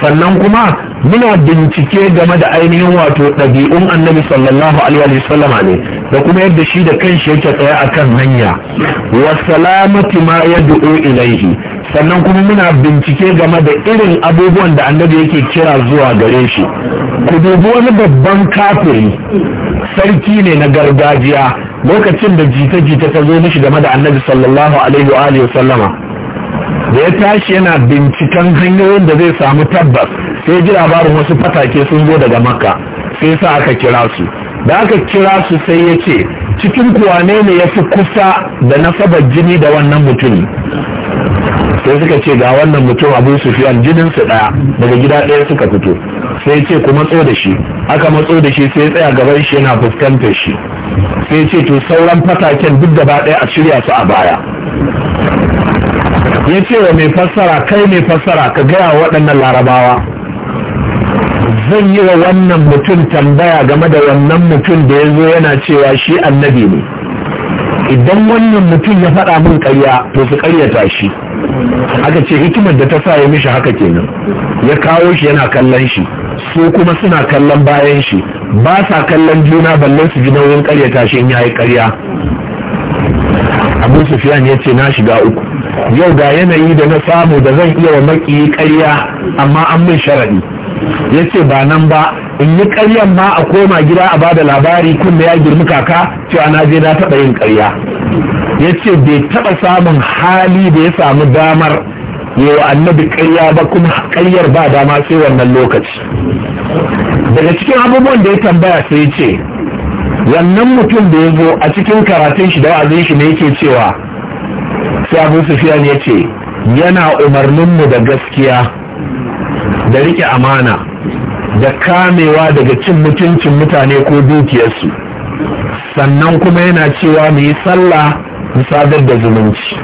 sannan kuma muna bincike game da ainihin wato ɗabi'un annabi sallallahu alaihi wasallama ne da kuma yadda shi da kanshi yake tsaye akan hanya wa salamati ma ya du'o ilaihi sannan kuma muna bincike game da irin abubuwan da annabi yake kira zuwa gare shi ku dubi wani babban kafiri sarki ne na gargajiya lokacin da jita-jita ta zo mishi game da annabi sallallahu alaihi wa alihi sallama da ya tashi yana binciken hanyoyin da zai samu tabbas sai ji labarin wasu fatake sun zo daga makka sai sa aka kira su da aka kira su sai ya ce cikin kuwa ne ya fi kusa da nasabar jini da wannan mutum? sai suka ce ga wannan mutum abu sufiyan jinin su daya daga gida ɗaya suka fito sai ce ku matso da shi aka matso da shi sai tsaya gaban shi yana fuskantar shi sai ce to sauran fataken duk da ba ɗaya a shirya su a baya ya ce wa mai fassara kai mai fassara ka gaya wa waɗannan larabawa zan yi wa wannan mutum tambaya game da wannan mutum da ya zo yana cewa shi annabi ne idan wannan mutum ya faɗa min karya to su ƙaryata shi aka ce hikimar da ta sa ya mishi haka kenan ya kawo shi yana kallon shi su kuma suna kallon bayan shi ba sa kallon juna ballon su ji nauyin ƙaryata shi in ya yi ƙarya abu sufiyan ya ce na shiga uku yau ga yanayi da na samu da zan iya wa maƙiyi ƙarya amma an min sharaɗi ya ce ba nan ba in yi karyar ma a koma gida a bada labari kun ya girmi kaka cewa na je na taɓa yin karya ya ce bai taɓa samun hali da ya samu damar yi wa annabi karya ba kuma karyar ba dama sai wannan lokaci daga cikin abubuwan da ya tambaya sai ya ce wannan mutum da ya zo a cikin karatun shi da wa'azin shi ne yake cewa sai abu sufiyan ya ce yana umarninmu da gaskiya da rike amana da kamewa daga cin mutuncin mutane ko dukiyarsu sannan kuma yana cewa mu yi sallah mu sadar da zumunci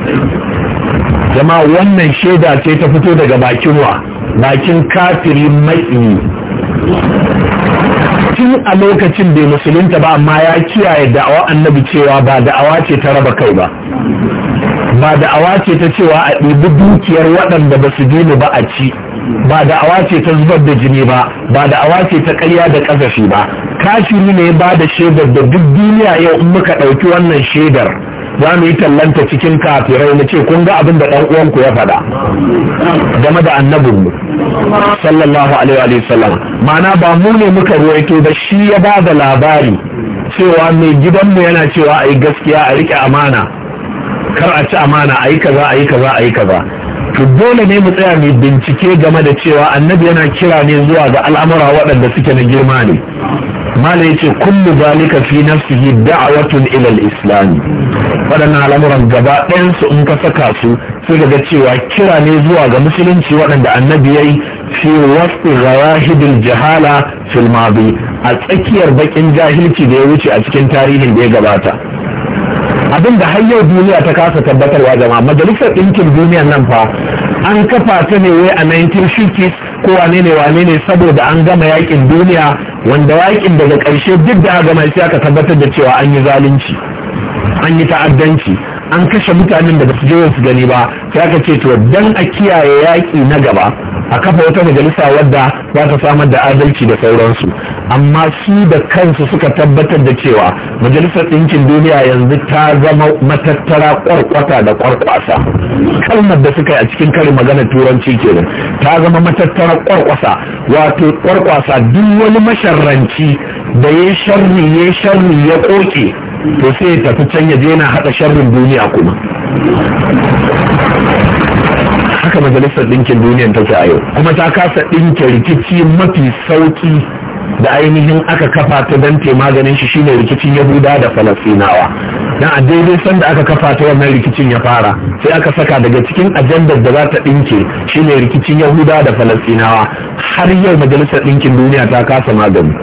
jama wannan shaida ce ta fito daga bakin wa bakin kafiri mai tun a lokacin bai musulunta ba amma ya kiyaye da'awa annabi cewa ba da'awa ce ta raba kai ba ba da'awa ce ta cewa a ɗibi dukiyar waɗanda ba su ba a ci ba da awace ta zubar da jini ba ba da awace ta karya da kazafi ba kafiri ne ba da shaidar da duk duniya yau in muka ɗauki wannan shaidar za mu yi tallanta cikin kafirai na ce kun ga abin da ɗan uwanku ya faɗa game da annabin mu sallallahu alaihi wa sallam ma'ana ba mu ne muka ruwaito ba shi ya ba da labari cewa mai gidanmu yana cewa a yi gaskiya a riƙe amana kar a ci amana a yi kaza a yi kaza a yi kaza to dole ne mu tsaya mu bincike game da cewa annabi yana kira ne zuwa ga al'amura waɗanda suke na girma ne mala yace kullu zalika fi nafsihi da'watun ila al-islam waɗannan al'amuran gaba ɗayan su in ka saka su sai ga cewa kira ne zuwa ga musulunci waɗanda annabi yayi fi wasfi rawahidil jahala fil madi a tsakiyar bakin jahilci da ya wuce a cikin tarihin da ya gabata abin da har yau duniya ta kasa tabbatarwa jama'a majalisar ɗinkin duniya nan fa an kafa ta ne wai a 1960 s ko wane ne wane ne saboda an gama yakin duniya wanda yakin daga ƙarshe duk da gama sai aka tabbatar da cewa an yi zalunci an yi ta'addanci an kashe mutanen da basu je su gani ba sai aka ce to dan a kiyaye yaƙi na gaba a kafa wata majalisa wadda za ta samar da adalci da sauransu amma su da kansu suka tabbatar da cewa majalisar ɗinkin duniya yanzu ta zama matattara ƙwarƙwata da ƙwarƙwasa kalmar da suka yi a cikin karin magana turanci kenan ta zama matattara ƙwarƙwasa wato ƙwarƙwasa duk wani masharranci da ya sharri ya sharri ya ƙoƙe to sai ya tafi can ya je yana haɗa sharrin duniya kuma haka majalisar ɗinkin duniyan take a yau kuma ta kasa ɗinke rikici mafi sauki da ainihin aka kafa ta don maganin shi shine rikicin yahuda da falasinawa Don a daidai sanda aka kafa ta wannan rikicin ya fara sai aka saka daga cikin ajandar da za ta ɗinke shine rikicin yahuda da falasinawa har yau majalisar ɗinkin duniya ta kasa magani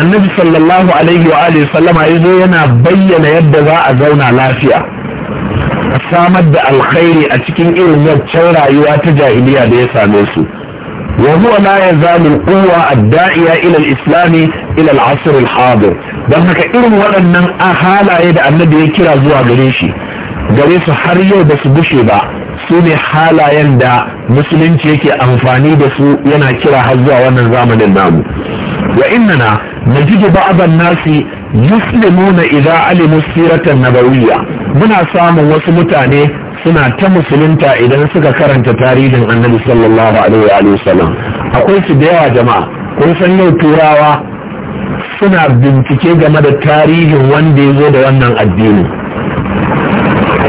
annabi sallallahu alaihi wa alihi sallama yana bayyana yadda za a zauna lafiya ka samar da alkhairi a cikin irin waccan rayuwa ta jahiliya da ya same su وهو لا يزال القوة الداعية ilal islami ilal العصر الحاضر don haka irin waɗannan halaye da annabi ya kira zuwa gare shi gare su har yau da su bushe ba su ne halayen da musulunci yake amfani da su yana kira har zuwa wannan zamanin namu wa innana najidu ba'dan nasi yuslimuna idza alimu siratan nabawiyya muna samun wasu mutane suna ta musulunta idan suka karanta tarihin annabi sallallahu alaihi wa sallam akwai su da yawa jama'a kun san yau turawa suna bincike game da tarihin wanda ya zo da wannan addini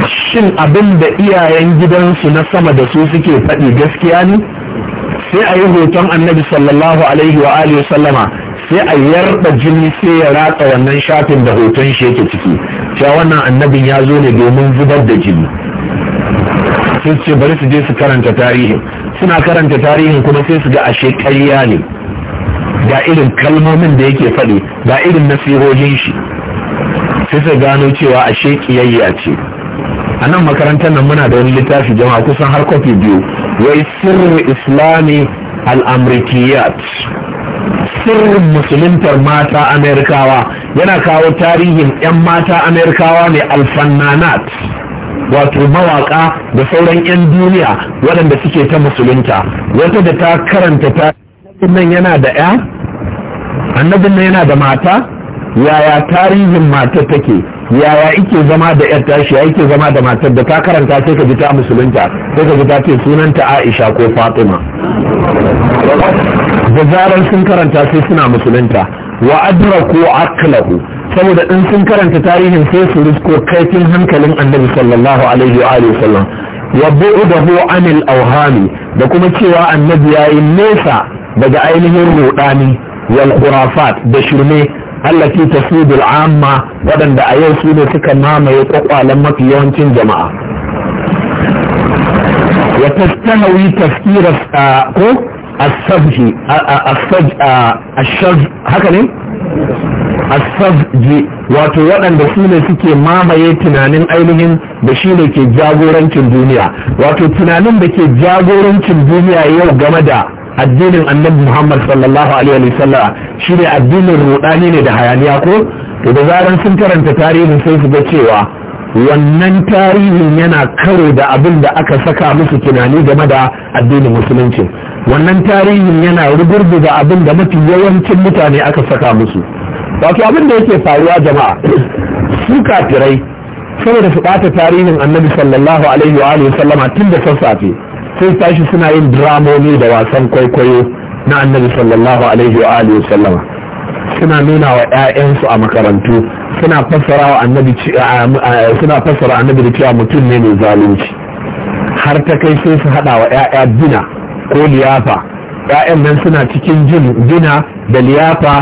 shin abin da iyayen gidansu na sama da su suke faɗi gaskiya ne sai a yi hoton annabi sallallahu alaihi wa sallama sai a yarda jini sai ya ratsa wannan shafin da hoton shi yake ciki cewa wannan annabin ya zo ne domin zubar da jini sai ce bari su je su karanta tarihin suna karanta tarihin kuma sai su ga ashe ƙarya ne ga irin kalmomin da yake faɗi ga irin nasihohin shi sai su gano cewa ashe ƙiyayya ce a nan makarantar nan muna da wani littafi jama'a kusan har kofi biyu wai sirri islami al-amrikiyat sirrin musuluntar mata amerikawa yana kawo tarihin 'yan mata amerikawa ne alfannanat wato mawaka da sauran 'yan duniya waɗanda suke ta musulunta wata da ta karanta ta nan yana da 'ya annabin nan yana da mata yaya tarihin mata take yaya ike zama da yar tashi ya ike zama da matar da ta karanta sai ka ji ta musulunta sai ka ji ta ce sunanta Aisha ko Fatima da zarar sun karanta sai suna musulunta wa adraku aqlahu saboda in sun karanta tarihin sai su risko kaifin hankalin annabi sallallahu alaihi wa alihi wasallam wa bu'dahu anil awhami da kuma cewa annabi yayi nesa daga ainihin rudani wal khurafat da shirme allati tasudul amma waɗanda a yau su ne suka mamaye kwakwalen mafi yawancin jama'a wa tastahawi tafsira ko asabji haka ne asabji wato waɗanda su ne suke mamaye tunanin ainihin da shi ne ke jagorancin duniya wato tunanin da ke jagorancin duniya yau game da addinin annabi muhammad sallallahu alaihi shi ne addinin rudani ne da hayaniya ko to da zaran sun karanta tarihin sai su ga cewa wannan tarihin yana karo da abin da aka saka musu tunani game da addinin musulunci wannan tarihin yana da abin da mafi yawancin mutane aka saka musu wato abin da yake faruwa jama'a su kafirai saboda su ɓata tarihin annabi sallallahu alaihi wa sallama tun da sassafe Sai tashi suna yin dramomi da wasan kwaikwayo na annabi sallallahu alaihi wa alihi sallama suna nuna wa ƴaƴansu a makarantu suna fassara wa annabi suna fassara annabi da cewa mutum ne mai zalunci har ta kai sai su hada wa 'ya'ya dina ko liyafa 'ya'yan nan suna cikin jin dina da liyafa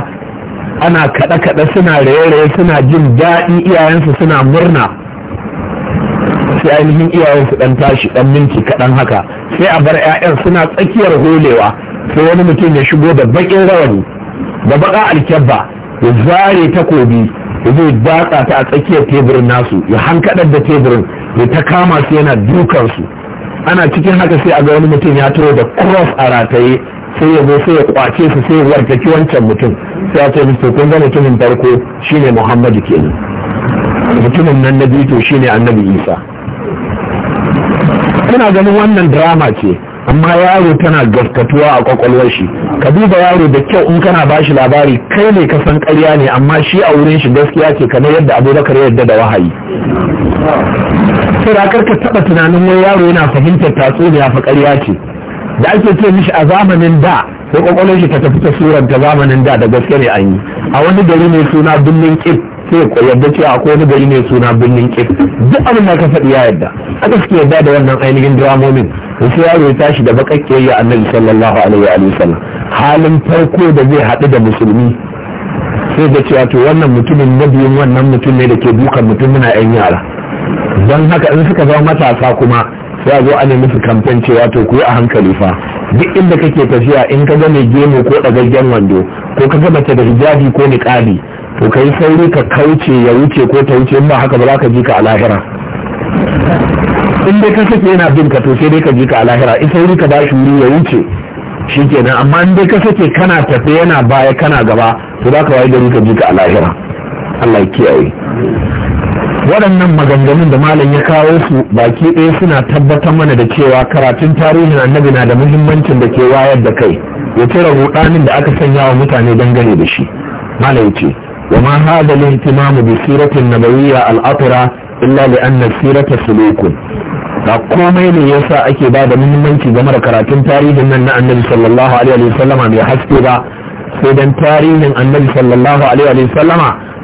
ana kaɗe-kaɗe suna raye-raye suna jin daɗi iyayensu suna murna sai ainihin iyayensu ɗan tashi ɗan minti kaɗan haka sai a bar 'ya'yan suna tsakiyar holewa sai wani mutum ya shigo da bakin rawani da baka alkyabba ya zare takobi ya zai datsa ta a tsakiyar teburin nasu ya hankadar da teburin ya ta kama su yana dukansu ana cikin haka sai a ga wani mutum ya turo da cross a rataye sai ya zo sai ya kwace su sai ya warkaki wancan mutum sai ya ce musu kun ga mutumin farko shine muhammadu kenan mutumin nan na biyu to shine annabi isa kuna ganin wannan drama ce amma yaro tana gaskatuwa a kwakwalwar shi ka duba yaro da kyau in kana bashi labari kai ne ka san karya ne amma shi a wurin shi gaskiya ke kamar yadda abubakar yadda da wahayi sai kar ka taba tunanin wai yaro yana fahimtar tatsuniya fa karya ce da ake ce mishi a zamanin da sai kwakwalwar shi ta tafi ta surar ta zamanin da da gaske ne an yi a wani gari mai suna birnin kif sai ku yadda cewa akwai wani gari ne suna birnin kif duk abin da ka faɗi ya yadda aka suke yadda da wannan ainihin dramomin da sai yaro ya tashi da bakakke ya annabi sallallahu alaihi wa sallam halin farko da zai haɗu da musulmi sai da cewa to wannan mutumin na biyun wannan mutum ne da ke dukan mutum muna yan yara don haka in suka zama matasa kuma sai a zo a nemi su kamfen cewa to ku yi a hankali fa duk inda kake tafiya in ka ga mai gemu ko ɗagaggen wando ko ka ga mace da hijabi ko niƙabi to kai sauri ka kauce ya wuce ko ta wuce ba haka ba za ka ji ka a lahira in dai ka sake yana bin ka to sai dai ka ji ka a in sauri ka ba shi wuri ya wuce shi kenan amma in dai ka sake kana tafe yana baya kana gaba to za ka wayi gari ka ji ka a Allah ya kiyaye waɗannan maganganun da malam ya kawo su baki ɗaya suna tabbatar mana da cewa karatun tarihin annabi na da muhimmancin da ke wayar da kai ya cire rudanin da aka sanya wa mutane dangane da shi malam ya ce وما هذا الاهتمام بالسيرة النبوية الأطرة إلا لأن السيرة سلوك ba komai ne yasa ake ba da muhimmanci game da karatun tarihin nan na annabi sallallahu alaihi mai haske ba sai dan tarihin annabi sallallahu alaihi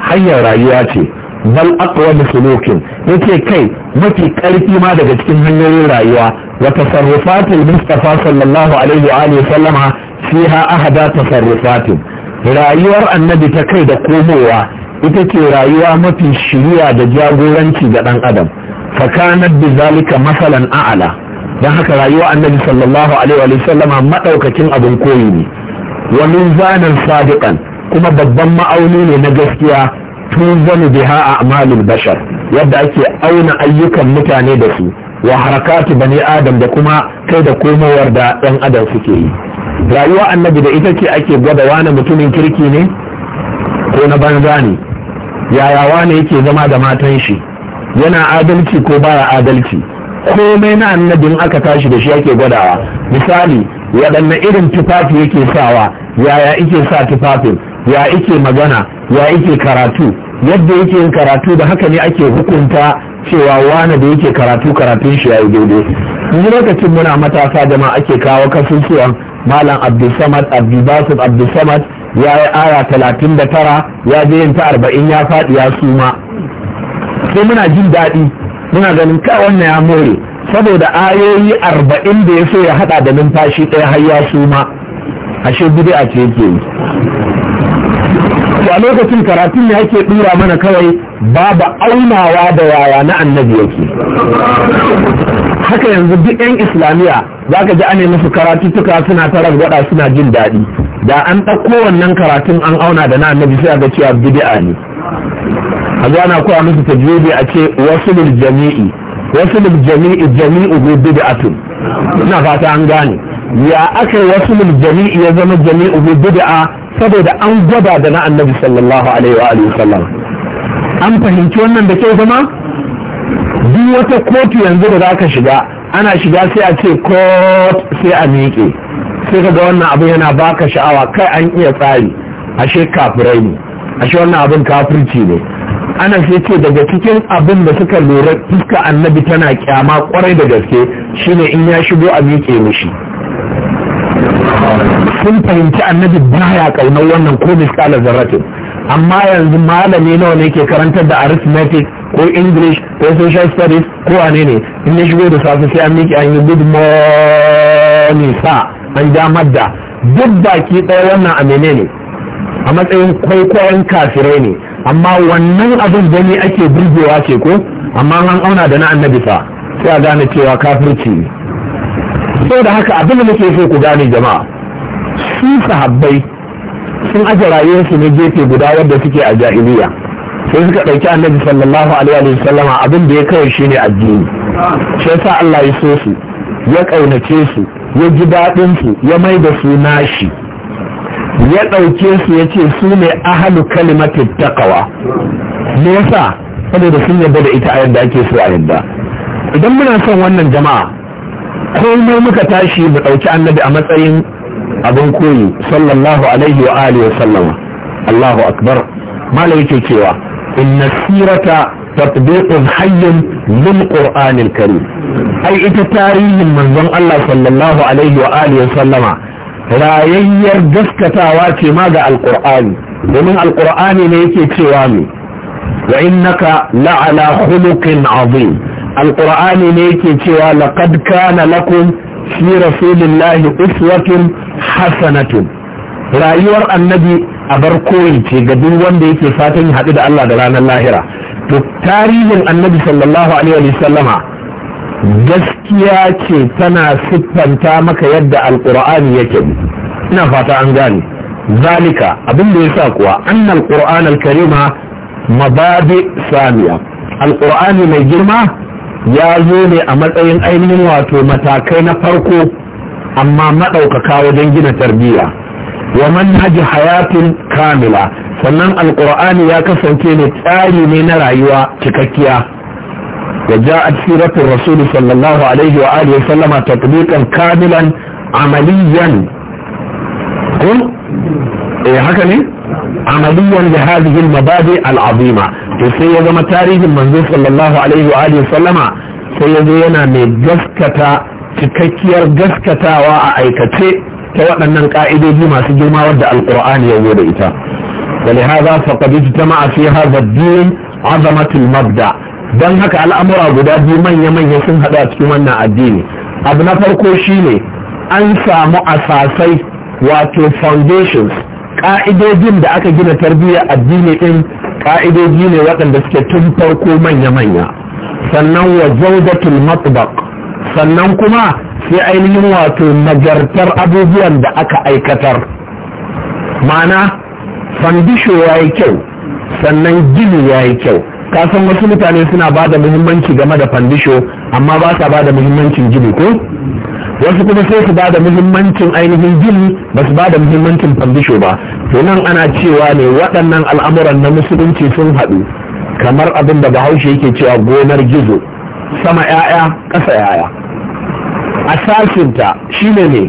hanyar rayuwa ce bal aqwa bi sulukin yace kai mafi karfi ma daga cikin hanyoyin rayuwa wa tasarrufatul mustafa sallallahu alaihi wa alihi sallama fiha ahada tasarrufatin rayuwar annabi ta kai da komowa ita ce rayuwa mafi shiriya da jagoranci ga ɗan adam fakanat bi zalika masalan a'ala Don haka rayuwa annabi sallallahu alaihi sallama abin koyi ne wani zanen sadiqan kuma babban ma'auni ne na gaskiya zani biha a'malul bashar yadda ake auna ayyukan mutane da su wa harakatu bani adam da kuma kai da komowar da ɗan adam suke yi rayuwa annabi da ita ce ake gwada wani mutumin kirki ne ko na banza ne yaya wani yake zama da matan shi yana adalci ko baya adalci komai na annabin aka tashi da shi ake gwadawa misali waɗanne irin tufafi yake sawa yaya ike sa tufafin ya ike magana ya ike karatu yadda yake yin karatu da haka ne ake hukunta cewa wani da yake karatu karatun shi ya yi daidai lokacin muna matasa jama'a ake kawo kasusuwan malam abdulsamad abdulbasir abdulsamad ya yi aya talatin da tara ya je yin ta arba'in ya faɗi ya suma sai muna jin daɗi muna ganin ka wannan ya more saboda ayoyi arba'in da ya so ya haɗa da numfashi ɗaya har ya suma ashe gudu a ce ke yi to a lokacin karatun ne ake dura mana kawai babu aunawa da yaya na annabi yake haka yanzu duk yan islamiyya za ka ji ane musu tuka suna ta ragwada suna jin daɗi da an ɗauko wannan karatun an auna da na annabi sai ga cewa bid'a ne a zo koya musu tajwidi a ce wasu lil jami'i wasu lil jami'i jami'u bi bid'atun ina fata an gane ya aka wasu lil jami'i ya zama jami'u bi bid'a saboda an gwada da na annabi sallallahu alaihi wa alihi sallam an fahimci wannan da kyau zama duk wata kotu yanzu da zaka shiga ana shiga sai a ce court sai a miƙe sai kaga wannan abu yana baka sha'awa kai an iya tsari ashe kafirai ne ashe wannan abin kafirci ne ana sai ce daga cikin abin da suka lura fuska annabi tana kyama kwarai da gaske shine in ya shigo a miƙe mishi sun fahimci annabi baya kaunar wannan ko miskala zarratin amma yanzu malami nawa ne ke karantar da arithmetic ko english ko social studies ko wane ne in ya shigo da safe sai an miki an yi good morning sa an ja madda duk baki ɗaya wannan a menene a matsayin kwaikwayon kafirai ne amma wannan abin da ake burgewa ce ko amma an auna da na annabi fa sai a gane cewa kafirci ne da haka abin da muke so ku gane jama'a su sahabbai sun aje rayuwarsu ne gefe guda wadda suke a jahiliya sai suka ɗauki annabi sallallahu alaihi wa abin da ya kawai ne addini shi sa Allah ya so su ya ƙaunace su ya ji daɗin su ya mai da su nashi ya ɗauke su ya ce su ne ahalu kalimatin taqawa me yasa saboda sun yarda da ita a yadda ake so a yadda idan muna son wannan jama'a komai muka tashi mu ɗauki annabi a matsayin abin koyi sallallahu alaihi wa alihi wa sallama Allahu akbar malai yake cewa inna sirata tatbiqun hayyun lil qur'anil karim ai ita tarihin manzon Allah sallallahu alaihi wa alihi wa sallama rayayyar gaskatawa ce ma ga alqur'ani domin alqur'ani ne yake cewa mi wa innaka la'ala khuluqin azim alqur'ani ne yake cewa laqad kana lakum fi rasulillahi uswatun hasanatun rayuwar annabi a bar koyi ce ga duk wanda yake fatan ya haɗu da Allah da ranar lahira to tarihin annabi sallallahu alaihi wa sallama gaskiya ce tana siffanta maka yadda alqur'ani yake ina fata an gane zalika abin da yasa kuwa annal qur'anal karima mabadi samiya alqur'ani mai girma ya zo ne a matsayin ainihin wato matakai na farko amma maɗaukaka wajen gina tarbiyya Wannan manhaji hayatin kamila sannan alƙur'ani ya kasance ne tsari ne na rayuwa cikakkiya ja a siratul rasul sallallahu alaihi wa alihi sallama tatbiqan kamilan amaliyan kun eh haka ne amaliyan da hadhihi mabadi al'azima to sai ya zama tarihin manzo sallallahu alaihi wa alihi sai ya yana mai gaskata cikakkiyar gaskatawa a aikace ta waɗannan ƙa'idoji masu girma wadda alƙur'ani ya zo da ita ولهذا فقد اجتمع في هذا الدين عظمة المبدأ don haka al'amura guda biyu manya-manya sun haɗa a cikin wannan addini abu na farko shine an samu asasai wato foundations ka'idojin da aka gina tarbiyya addini din ka'idoji ne waɗanda suke tun farko manya-manya sannan wa zaudatul matbaq sannan kuma sai ainihin wato nagartar abubuwan da aka aikatar ma'ana fandisho ya yi kyau sannan gini ya yi kyau kasan wasu mutane suna ba da muhimmanci game da fandisho amma ba sa ba da muhimmancin gini ko wasu kuma sai su bada muhimmancin ainihin gini ba su bada muhimmancin fandisho ba to nan ana cewa ne waɗannan al'amuran na musulunci sun haɗu kamar abin da bahaushe yake cewa gonar gizo sama 'ya'ya ƙasa 'ya'ya asasinta shine ne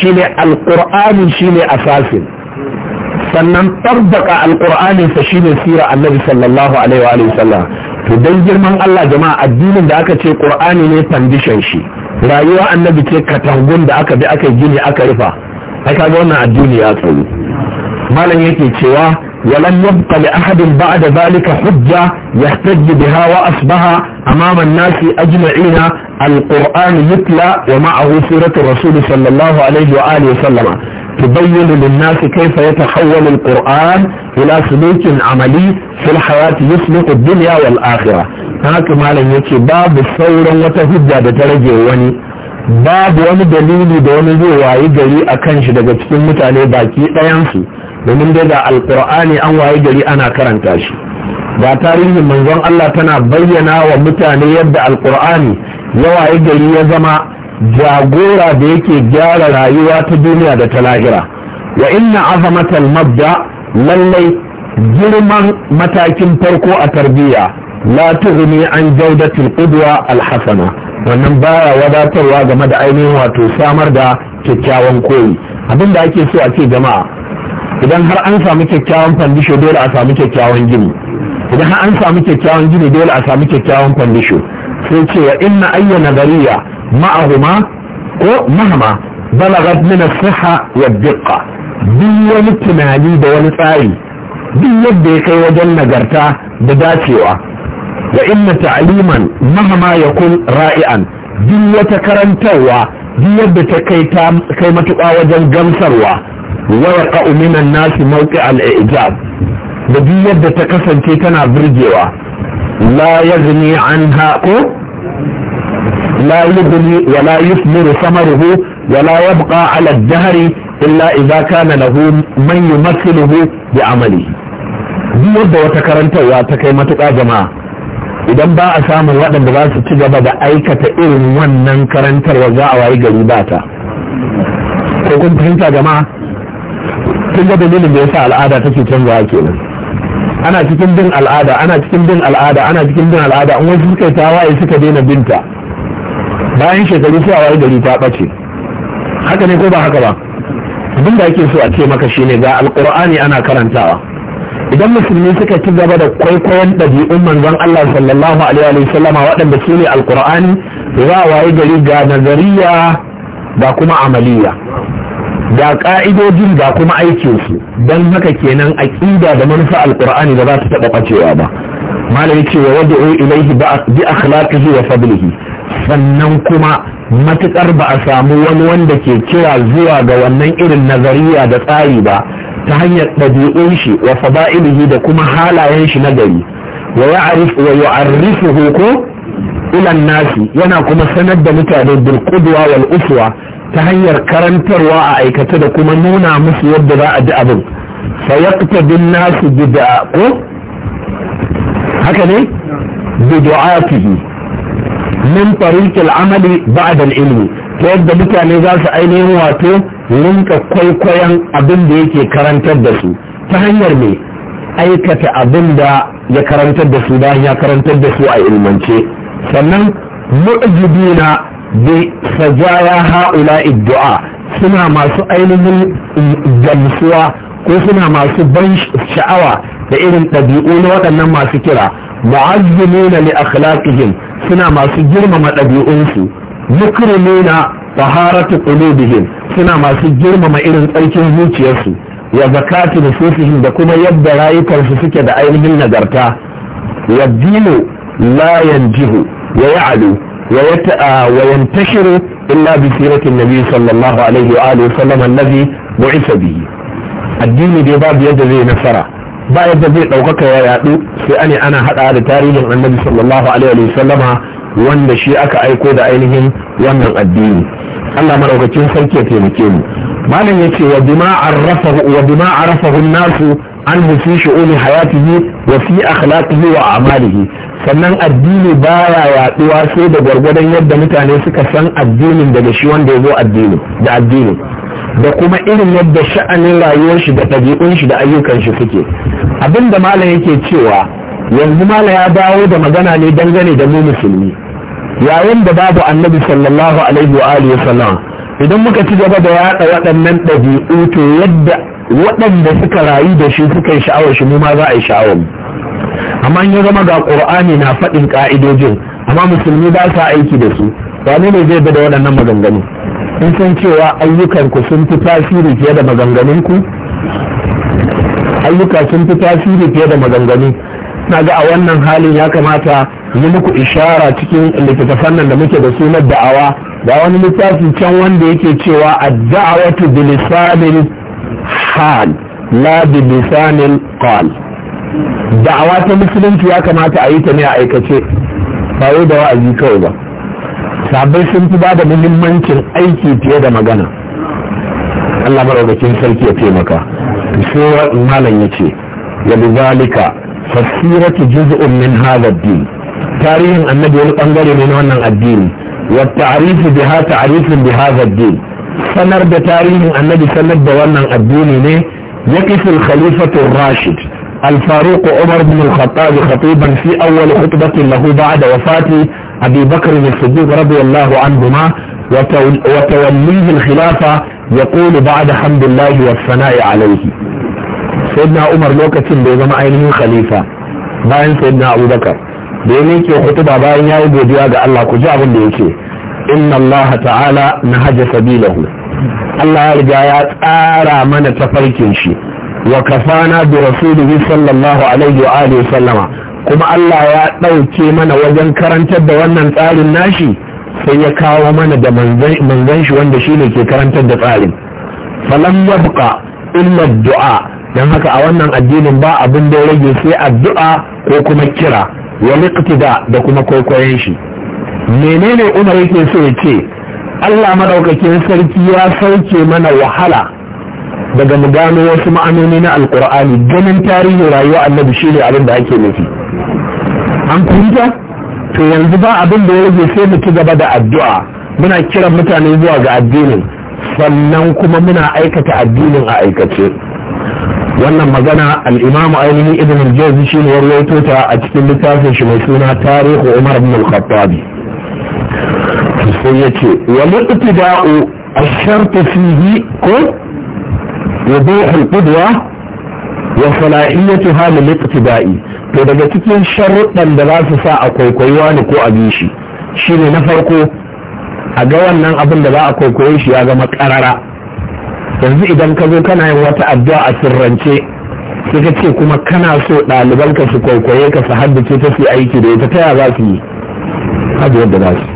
shine alƙur'ani shine asasin sannan tabbaka alƙur'anin sa shine sira annabi sallallahu alaihi wa sallam to dan girman Allah jama'a addinin da aka ce ƙur'ani ne fandishan shi rayuwa annabi ce katangun da aka bi aka gini aka rufa ai kaga wannan addini ya tsoro malam yake cewa walam yabqa li ahadin ba'da zalika hujja yahtaji biha wa asbaha amama an-nasi ajma'ina al-qur'an yutla wa ma'ahu suratu rasul sallallahu alayhi wa alihi kai sallam ta للناس كيف يتحول القرآن إلى سلوك عملي في الحياة يسلك الدنيا والآخرة haka malam yake babu sauran wata hujja da ta rage wani babu wani dalili da wani zai wayi gari a kan shi daga cikin mutane baki ɗayansu domin dai da alkur'ani an wayi gari ana karanta shi ba tarihin manzon Allah tana bayyana wa mutane yadda alkur'ani ya wayi gari ya zama jagora da yake gyara rayuwa ta duniya da ta lahira wa inna azamatal mabda lallai girman matakin farko a tarbiyya la tughni an jawdatil qudwa alhasana wannan baya wadatarwa game da ainihin wato samar da kyakkyawan koyi abin da ake so a ce jama'a idan har an samu kyakkyawan fandisho dole a samu kyakkyawan gini idan har an samu kyakkyawan gini dole a samu kyakkyawan fandisho sai ce wa inna ayya nazariya ma'ahuma ko mahama balagat min as-sihha wa diqqa duk wani tunani da wani tsari duk yadda ya kai wajen nagarta da dacewa wa inna ta'liman mahama yakun ra'ian duk wata karantarwa duk yadda ta kai ta kai matuƙa wajen gamsarwa wa yaqa'u minan nasi mawqi al-i'jab da duk yadda ta kasance tana burgewa la yazni anha ko لا يبني ولا يثمر ثمره ولا يبقى على illa إلا إذا lahu له من يمثله بعمله duk wadda wata karantarwa ta kai matuƙa jama'a idan ba a samun waɗanda za su ci gaba da aikata irin wannan karantarwa za a wayi gari ba ta ko kun fahimta jama'a tun ga dalilin da yasa al'ada take ake nan. ana cikin bin al'ada ana cikin bin al'ada ana cikin bin al'ada In wasu suka yi tawaye suka daina binta bayan shekaru sai a wayi gari ta ɓace haka ne ko ba haka ba abin da ake so a ce maka shine ga alƙur'ani ana karantawa idan musulmi suka ci gaba da kwaikwayon ɗabi'un manzon Allah sallallahu alaihi wa waɗanda su ne alkur'ani za a waye gari ga nazariya da kuma amaliya da ƙa'idojin da kuma aikinsu don haka kenan aƙida da manufa alkur'ani da za ta taɓa ɓacewa ba malami ce wa wadda ilaihi bi akhlaqihi wa fadlihi sannan kuma matuƙar ba a samu wani wanda ke kira zuwa ga wannan irin nazariya da tsari ba ta hanyar ɗabi'un shi wa fada'ilihi da kuma halayen shi na gari wa ya'rifuhu ko ilan nasi yana kuma sanar da mutane bil wal uswa ta hanyar karantarwa a aikata da kuma nuna musu yadda za a ji abin fa yaqtadin nasu bid'a ko haka ne bid'atihi min tariqil amali ba'da al ilmi ta yadda mutane za su ainihin wato rinka kwaikwayon abin da yake karantar da su ta hanyar mai aikata abin da ya karantar da su bayan ya karantar da su a ilmance sannan mu'jibina bi sajaya haula iddu'a suna masu ainihin gamsuwa ko suna masu ban sha'awa da irin ɗabi'u na waɗannan masu kira mu'azzimina li akhlaqihim suna masu girmama ɗabi'unsu mukrimina taharatu qulubihim suna masu girmama irin tsarkin zuciyarsu wa zakatu nufusihim da kuma yadda rayukansu suke da ainihin nagarta wa dinu la yanjihu wa ya'lu wa yantashiru illa bi siratin nabi sallallahu alaihi wa alihi wasallam allazi bu'isa bihi addini dai babu yadda zai nasara ba yadda zai ɗaukaka ya yaɗu sai ane ana haɗa da tarihin annabi sallallahu alaihi wa sallama wanda shi aka aiko da ainihin wannan addini Allah maraukacin sarki ya taimake mu malam yace wa bima arrafahu wa bima arafahu an-nasu anhu fi shu'uni hayatihi wa fi akhlaqihi wa a'malihi sannan addini baya yaduwa sai da gwargwadon yadda mutane suka san addinin daga shi wanda ya zo addini da addini da kuma irin yadda sha'anin rayuwar shi da ɗabi'un shi da ayyukan shi suke abinda malam yake cewa yanzu malam ya dawo da magana ne dangane da mu musulmi yayin da babu annabi sallallahu alaihi wa alihi wasallam idan muka ci gaba da yaɗa waɗannan ɗabi'u to yadda waɗanda suka rayu da shi suka yi sha'awar shi mu ma za a yi sha'awar amma in ya zama ga ƙur'ani na faɗin ƙa'idojin amma musulmi ba sa aiki da su Wani ne zai da waɗannan maganganu in san cewa ayyukanku sun fi tasiri fiye da maganganunku ayyuka sun fi tasiri fiye da maganganu na ga a wannan halin ya kamata yi muku ishara cikin littattafan nan da muke da sunar da'awa ga wani littafi can wanda yake cewa adda'awatu dawatu bi lisanil hal la Bilisanin qal da'awa ta musulunci ya kamata a yi ta ne a aikace ba da wa'azi kawai ba sabai sun fi ba da muhimmancin aiki fiye da magana Allah maraukakin sarki ya taimaka sai malam ya ce ya bi zalika fasiratu juz'un min hadha ad-din تاريخ النبي الانجلي من ne الدين والتعريف بها تعريف بهذا الدين سنر بتاريخ النبي ad-din الدين da tarihin annabi الفاروق عمر بن الخطاب خطيبا في اول خطبة له بعد وفاة ابي بكر الصديق رضي الله عنهما وتوليه الخلافة يقول بعد حمد الله والثناء عليه سيدنا عمر لوكة بيزم عينه خليفة باين سيدنا ابو بكر da ke hutu hutuba bayan ya yi godiya ga Allah ku ji abin da yake inna Allah ta'ala na haja sabilahu Allah ya riga ya tsara mana tafarkin shi wa kafana bi rasulihi sallallahu alaihi wa alihi sallama kuma Allah ya ɗauke mana wajen karantar da wannan tsarin nashi sai ya kawo mana da manzan shi wanda shine ke karantar da tsarin falam yabqa illa du'a dan haka a wannan addinin ba abin da ya rage sai addu'a ko kuma kira waliktida da kuma kwaikwayon shi menene umar yake so ya ce allah maɗaukakin sarki ya sauke mana wahala daga mu gano wasu ma'anoni na alkur'ani ganin tarihin rayuwa annabi shi ne abin da ake nufi an kunta to yanzu ba abin da ya rage sai mu ci gaba da addu'a muna kiran mutane zuwa ga addinin sannan kuma muna aikata addinin a aikace wannan magana al ainihin ibn al-jawzi shine ya rawaito ta a cikin littafin shi mai suna tarihu umar ibn al-khattab sai yace wal iqtida'u الشرط فيه كل وضوح القدوة وصلاحيتها للاقتداء to daga cikin sharuɗan da za su sa a kwaikwayo ne ko a bishi shi ne na farko a ga wannan abin da za a kwaikwaye shi ya zama ƙarara yanzu idan ka zo kana yin wata addu'a a sirrance sai ka ce kuma kana so ɗaliban ka su kwaikwaye ka su ce ta su aiki da ita ta yaya za su yi hajji yadda za su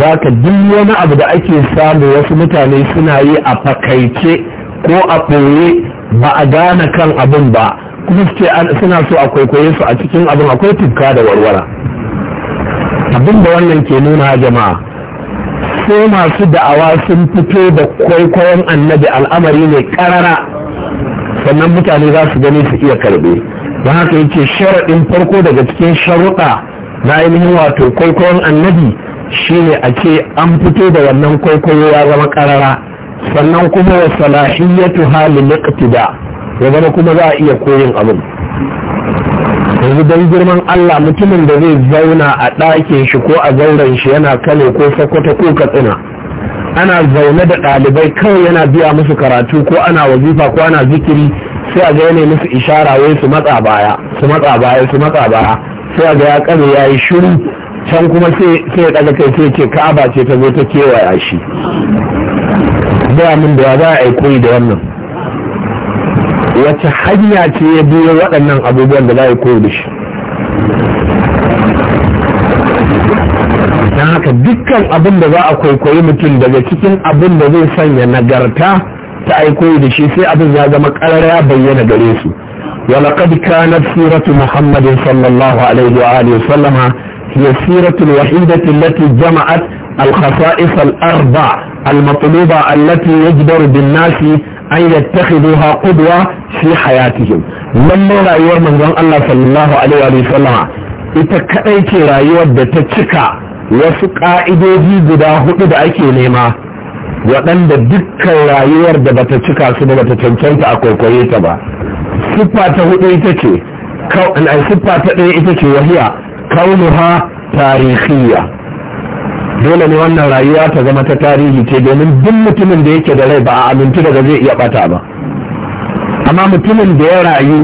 za ka duk wani abu da ake samu wasu mutane suna yi a fakaice ko a ɓoye ba a gane kan abin ba kuma su ce suna so a kwaikwaye su a cikin abin akwai tufka da warwara abin da wannan ke nuna jama'a sai masu da'awa sun fito da kwaikwayon annabi al'amari ne karara sannan mutane za su gani su iya karbe don haka yake sharaɗin farko daga cikin sharuɗa na ainihin wato kwaikwayon annabi shine a ce an fito da wannan kwaikwayo ya zama karara sannan kuma wa salahiyatu halin iqtida ya zama kuma za a iya koyin abin yanzu don girman Allah mutumin da zai zauna a ɗakin shi ko a zauren shi yana kano ko sokoto ko katsina ana zaune da ɗalibai kawai yana biya musu karatu ko ana wazifa ko ana zikiri sai a ga yana musu ishara wai su matsa baya su matsa baya su matsa baya sai a ga ya kame ya yi shiru can kuma sai ya ɗaga kai sai ce ka'aba ce ta zo ta kewaya shi ba min da ya za a yi da wannan wace hanya ce ya biyo waɗannan abubuwan da za yi koyo da shi don haka dukkan abin da za a kwaikwayi mutum daga cikin abin da zai sanya nagarta ta aiko da shi sai abin ya zama ƙarara bayyana gare su ولقد كانت سيرة محمد صلى الله عليه وآله وسلم هي السيرة الوحيدة التي جمعت الخصائص الأربع المطلوبة التي يجدر بالناس an yattakhiduha qudwa fi hayatihim lallai rayuwar manzon Allah sallallahu alaihi wa sallam ita kadai ce rayuwar da ta cika wasu ka'idoji guda hudu da ake nema waɗanda dukkan rayuwar da bata cika su da bata cancanta a kwaikwaye ta ba siffa ta hudu ita ce siffa ta ɗaya ita ce wahiya kaunuha tarihiyya dole ne wannan rayuwa ta zama ta tarihi ce domin duk mutumin da yake da rai ba a amintu daga zai iya bata ba amma mutumin da ya rayu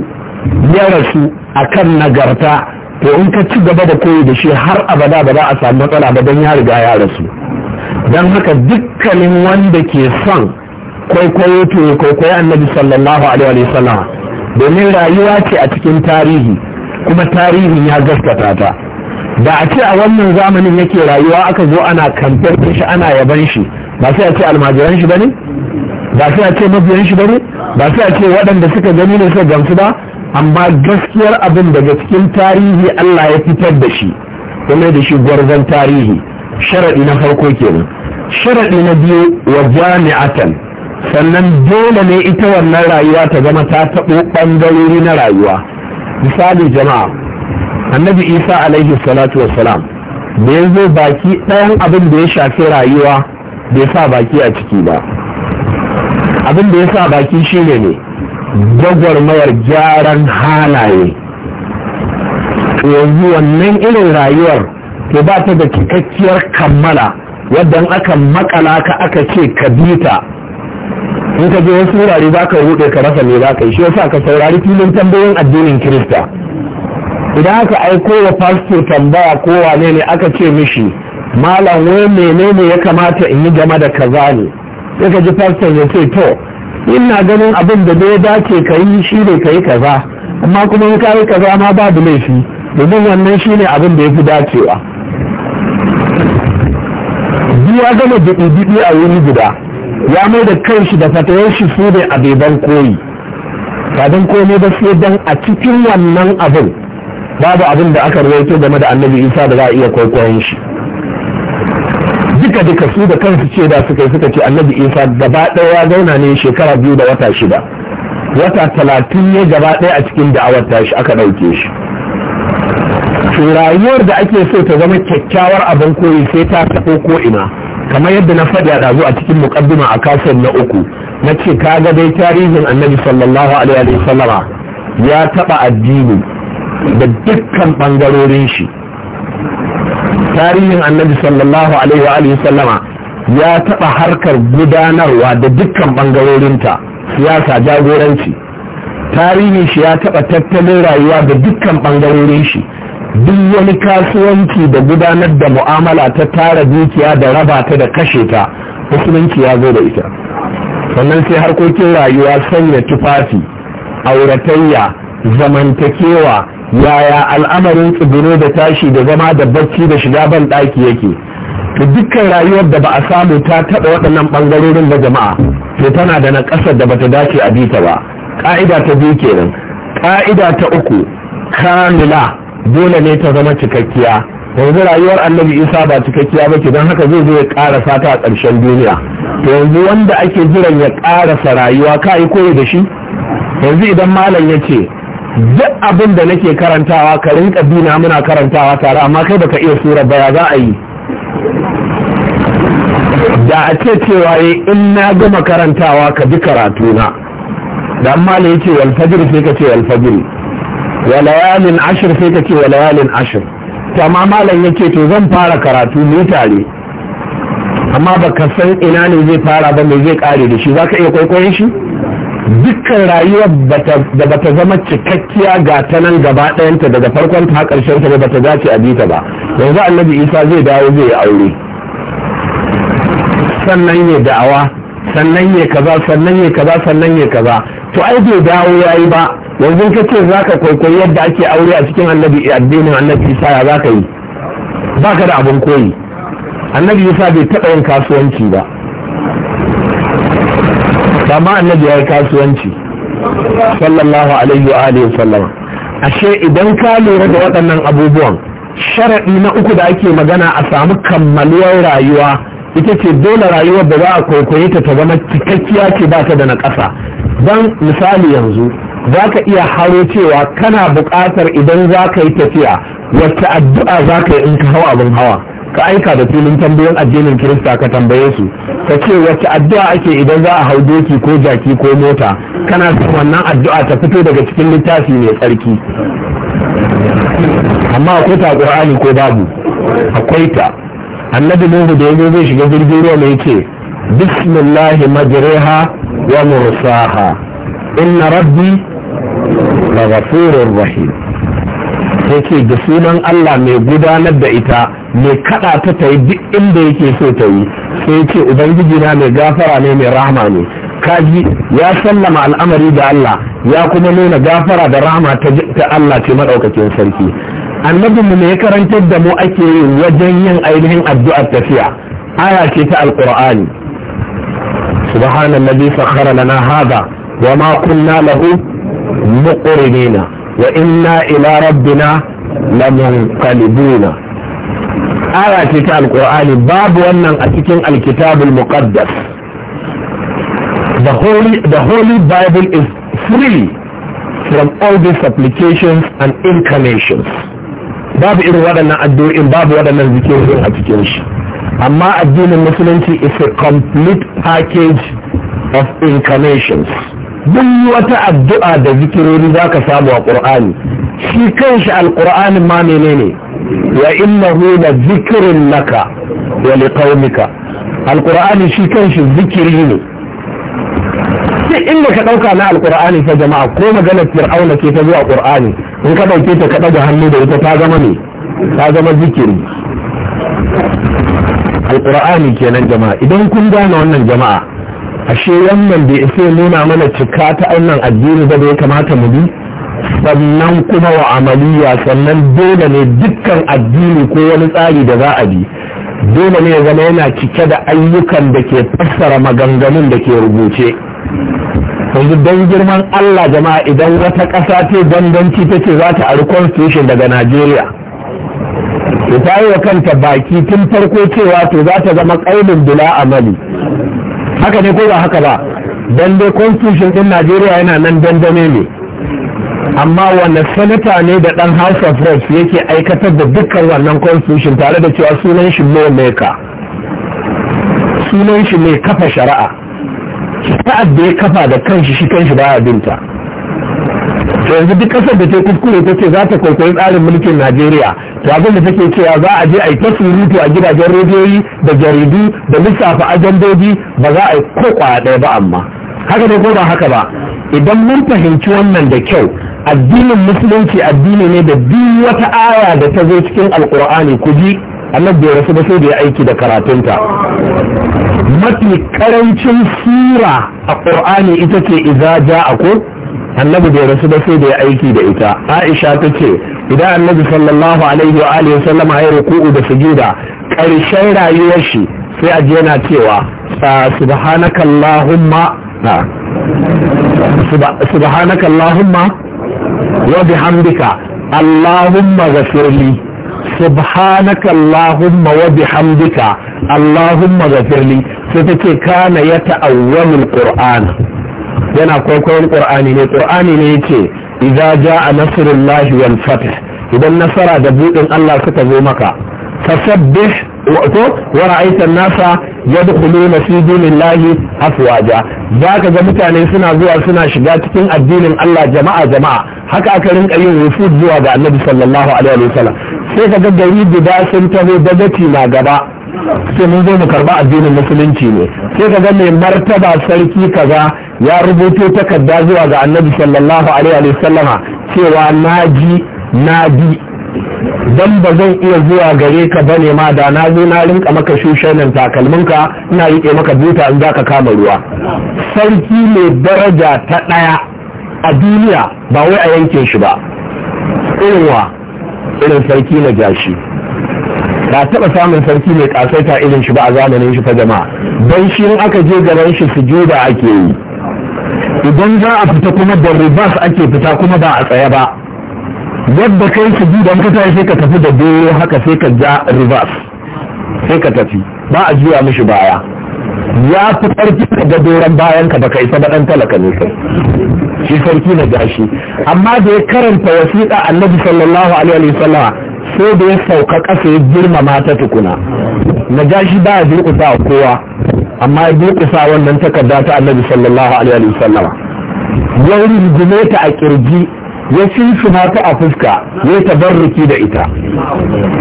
ya rasu a kan nagarta to in ka ci gaba da koyi da shi har abada ba za a samu matsala ba don ya riga ya rasu don haka dukkanin wanda ke son kwaikwayo to ya kwaikwayo annabi sallallahu alaihi wa sallam domin rayuwa ce a cikin tarihi kuma tarihin ya gaskata ta da a ce a wannan zamanin yake rayuwa aka zo ana kamfen shi ana yaban shi ba sai a ce almajiran shi bane ba sai a ce mabiyan shi bane ba sai a ce waɗanda suka gani ne suka gamsu ba amma gaskiyar abin daga cikin tarihi Allah ya fitar da shi kuma da shi gwarzon tarihi sharaɗi na farko kenan sharaɗi na biyu wa jami'atan sannan dole ne ita wannan rayuwa ta zama ta taɓo ɓangarori na rayuwa misali jama'a annabi isa alaihi salatu salam, da ya zo baki ɗayan abin da ya shafi rayuwa bai sa baki a ciki ba abin da ya sa baki shine ne gwagwarmayar gyaran halaye yanzu wannan irin rayuwar ke ba ta da cikakkiyar kammala wadda aka makala ka aka ce ka bita in ka je wasu wurare za ka rude ka rasa me za ka yi shi yasa ka saurari filin tambayoyin addinin kirista idan aka aiko wa fasto tambaya ko wane ne aka ce mishi malam wai menene ya kamata in yi game da kaza ne sai ka ji faston ya ce to ina ganin abin da ya dace ka yi shi ne ka yi kaza amma kuma in ka yi kaza ma babu laifi domin wannan shi ne abin da ya fi dacewa ya gama bibi biɗi a wuri guda ya mai da kanshi da fatayen shi su ne a abeban koyi ba don komai ba sai don a cikin wannan abin babu abin da aka rawaito game da annabi isa da za a iya kwaikwayon shi duka duka su da kansu ce da suka suka ce annabi isa gaba ɗaya ya zauna ne shekara biyu da wata shida wata talatin ne gaba ɗaya a cikin da'awar tashi aka ɗauke shi to rayuwar da ake so ta zama kyakkyawar abin koyi sai ta taɓo ko ina kamar yadda na faɗi a ɗazu a cikin muƙaddima a kasar na uku na ce kaga dai tarihin annabi sallallahu alaihi wa sallama ya taɓa addini da dukkan ɓangarorin shi tarihin annabi sallallahu alaihi wa sallama ya taɓa harkar gudanarwa da dukkan ɓangarorinta siyasa jagoranci tarihin shi ya taɓa tattalin rayuwa da dukkan ɓangarorin shi duk wani kasuwanci da gudanar da mu'amala ta tara dukiya da raba ta da kashe ta musulunci ya zo da ita sannan sai harkokin rayuwa sanya tufafi auratayya zamantakewa yaya al'amarin tsibiro da tashi da zama da barci da shiga ban ɗaki yake to dukkan rayuwar da ba a samu ta taɓa waɗannan ɓangarorin da jama'a to tana da naƙasar da bata dace a bita ba ƙa'ida ta biyu kenan ƙa'ida ta uku kamila dole ne ta zama cikakkiya yanzu rayuwar annabi isa ba cikakkiya ba ke don haka zai zo ya ƙarasa ta a ƙarshen duniya to yanzu wanda ake jiran ya ƙarasa rayuwa ka yi koyi da shi yanzu idan malam ya ce duk abin da nake karantawa ka rinka bina muna karantawa tare amma kai baka iya sura baya za a yi da a ce cewa yi eh, in na gama karantawa ka bi karatuna da amma da yake walfajir sai ka ce walfajir walayalin ashir sai ka ce walayalin ashir tamma malam yake to zan fara karatu ne tare amma baka san ina ne zai fara ba me zai kare da shi ka iya kwaikwayon shi dukkan rayuwar da bata zama cikakkiya ga ta nan gaba ɗayanta daga farkon ta ƙarshen ta bata dace a bita ba yanzu annabi isa zai dawo zai yi aure sannan ya da'awa sannan ya kaza sannan ya kaza sannan ya kaza to ai bai dawo yayi ba yanzu ka ce za ka kwaikwayi yadda ake aure a cikin annabi addinin annabi isa ya za ka yi ba ka da abin koyi annabi isa bai taɓa yin kasuwanci ba amma annabi ya yi kasuwanci sallallahu alaihi wa alihi sallama ashe idan ka lura da waɗannan abubuwan sharaɗi na uku da ake magana a samu kammaluwar rayuwa ita ce dole rayuwar da za a kwaikwaye ta ta zama cikakkiya ce ba ta da na ƙasa don misali yanzu za ka iya haro cewa kana buƙatar idan za ka yi tafiya wacce addu'a za ka yi in ka hau abin hawa ka aika da filin tambayoyin addinin kirista ka tambaye su ka ce wacce addu'a ake idan za a hau doki ko jaki ko mota kana son wannan addu'a ta fito daga cikin littafi mai tsarki amma akwai ta qur'ani ko babu akwai ta annabi nuhu da yazo zai shiga jirgin ruwa mai ce bismillahi majriha wa mursaha inna rabbi laghafurur rahim sai ce da sunan Allah mai gudanar da ita mai kada ta ta yi duk inda yake so ta yi sai ce ubangiji na mai gafara ne mai rahama ne kaji ya sallama al'amari da Allah ya kuma nuna gafara da rahama ta Allah ce madaukakin sarki annabin mu ya karantar da mu ake wajen yin ainihin addu'ar tafiya aya ce ta alqur'ani subhanallazi sakhara lana hadha wa ma kunna lahu muqrinina wa inna ila rabbina munqalibuna aya ce ta alqur'ani babu wannan a cikin alkitabul muqaddas the holy the holy bible is free from all these supplications and incarnations babu irin waɗannan addu'o'in babu waɗannan zikirin a cikin shi amma addinin musulunci is a complete package of incarnations duk wata addu'a da zikirori za ka samu a ƙur'ani shi kanshi alƙur'ani ma menene wa innahu la zikirin laka wa liqaumika alƙur'ani shi kanshi zikiri ne duk inda ka ɗauka na alƙur'ani fa jama'a ko maganar fir'auna ke ta zuwa ƙur'ani in ka ɗauke ta ka ɗaga hannu da ita ta zama ne ta zama zikiri alƙur'ani kenan jama'a idan kun gane wannan jama'a ashe wannan bai isa nuna mana cika ta annan addini ba da ya kamata mu bi sannan kuma wa amaliya sannan dole ne dukkan addini ko wani tsari da za a bi dole ne zama yana cike da ayyukan da ke fassara maganganun da ke rubuce yanzu don girman allah jama'a idan wata ƙasa ce danganci ta ce za ta ari constitution daga najeriya ta yi wa kanta baki tun farko cewa to za ta zama ƙaunin bila amali haka ne ko ba haka ba don dai constitution din Najeriya yana nan dandame ne amma wanda senator ne da dan House of Reps yake aikatar da dukkan wannan constitution tare da cewa sunan shi meka sunan shi mai kafa shari'a shari'ar da ya kafa da kanshi shi kanshi baya binta to yanzu duk kasar da ta kuskure ta ce za ta kwaikwayi tsarin mulkin najeriya to abin da take cewa za a je a yi ta surutu a gidajen rediyoyi da jaridu da lissafa ajandoji ba za a yi ko kwaya ɗaya ba amma haka ne ko ba haka ba idan mun fahimci wannan da kyau addinin musulunci addini ne da duk wata aya da ta zo cikin alkur'ani ku ji annabi bai rasu ba sai da ya aiki da karatunta mafi karancin sura a ƙur'ani ita ce iza ja ko annabi bai rasu ba sai da ya aiki da ita aisha ta ce idan annabi sallallahu alaihi wa alihi sallama ya ruku'u da sujuda karshen rayuwar shi sai a je yana cewa subhanakallahumma na subhanakallahumma wa bihamdika allahumma ghafirli subhanakallahumma wa bihamdika allahumma ghafirli sai ta ce kana ya ta'awwalul qur'an yana kwaikwayon ƙur'ani ne ƙur'ani ne yace idza jaa nasrullahi wal fath idan nasara da budin Allah suka zo maka fasabbih wato wa ra'aita an-nasa yadkhuluna fi dinillahi afwaja zaka ga mutane suna zuwa suna shiga cikin addinin Allah jama'a jama'a haka aka rinka yin wufud zuwa ga Annabi sallallahu alaihi wasallam sai ka ga gari guda sun taho dagaci na gaba sai mun zo mu karba addinin musulunci ne sai ka ga mai martaba sarki kaza ya rubuto takarda zuwa ga annabi sallallahu alaihi wa sallama cewa na nabi dan ba zan iya zuwa gare ka bane ma da na zo na rinka maka shushenin ka ina rike maka buta in zaka kama ruwa sarki mai daraja ta daya a duniya ba wai a yanke shi ba irin wa irin sarki na gashi ba taɓa samun sarki mai ƙasaita irin shi ba a zamanin shi fa jama'a don shi in aka je gaban shi sujuda ake yi idan za a fita kuma da ribas ake fita kuma ba a tsaye ba yadda kai sujuda ka tashi sai ka tafi da doyo haka sai ka ja ribas sai ka tafi ba a juya mishi baya ya fi ƙarfi ka ga doron bayan ka baka isa ɗan talaka ne kai shi sarki na gashi amma da ya karanta wasiƙa annabi sallallahu alaihi wasallama sai da ya sauka ƙasa ya girmama ta tukuna na gashi ba ya durƙusa kowa amma ya durƙusa wannan takarda ta annabi sallallahu alaihi wasallama ya rungume ta a ƙirji. ya su mata a fuska ya tabarruki da ita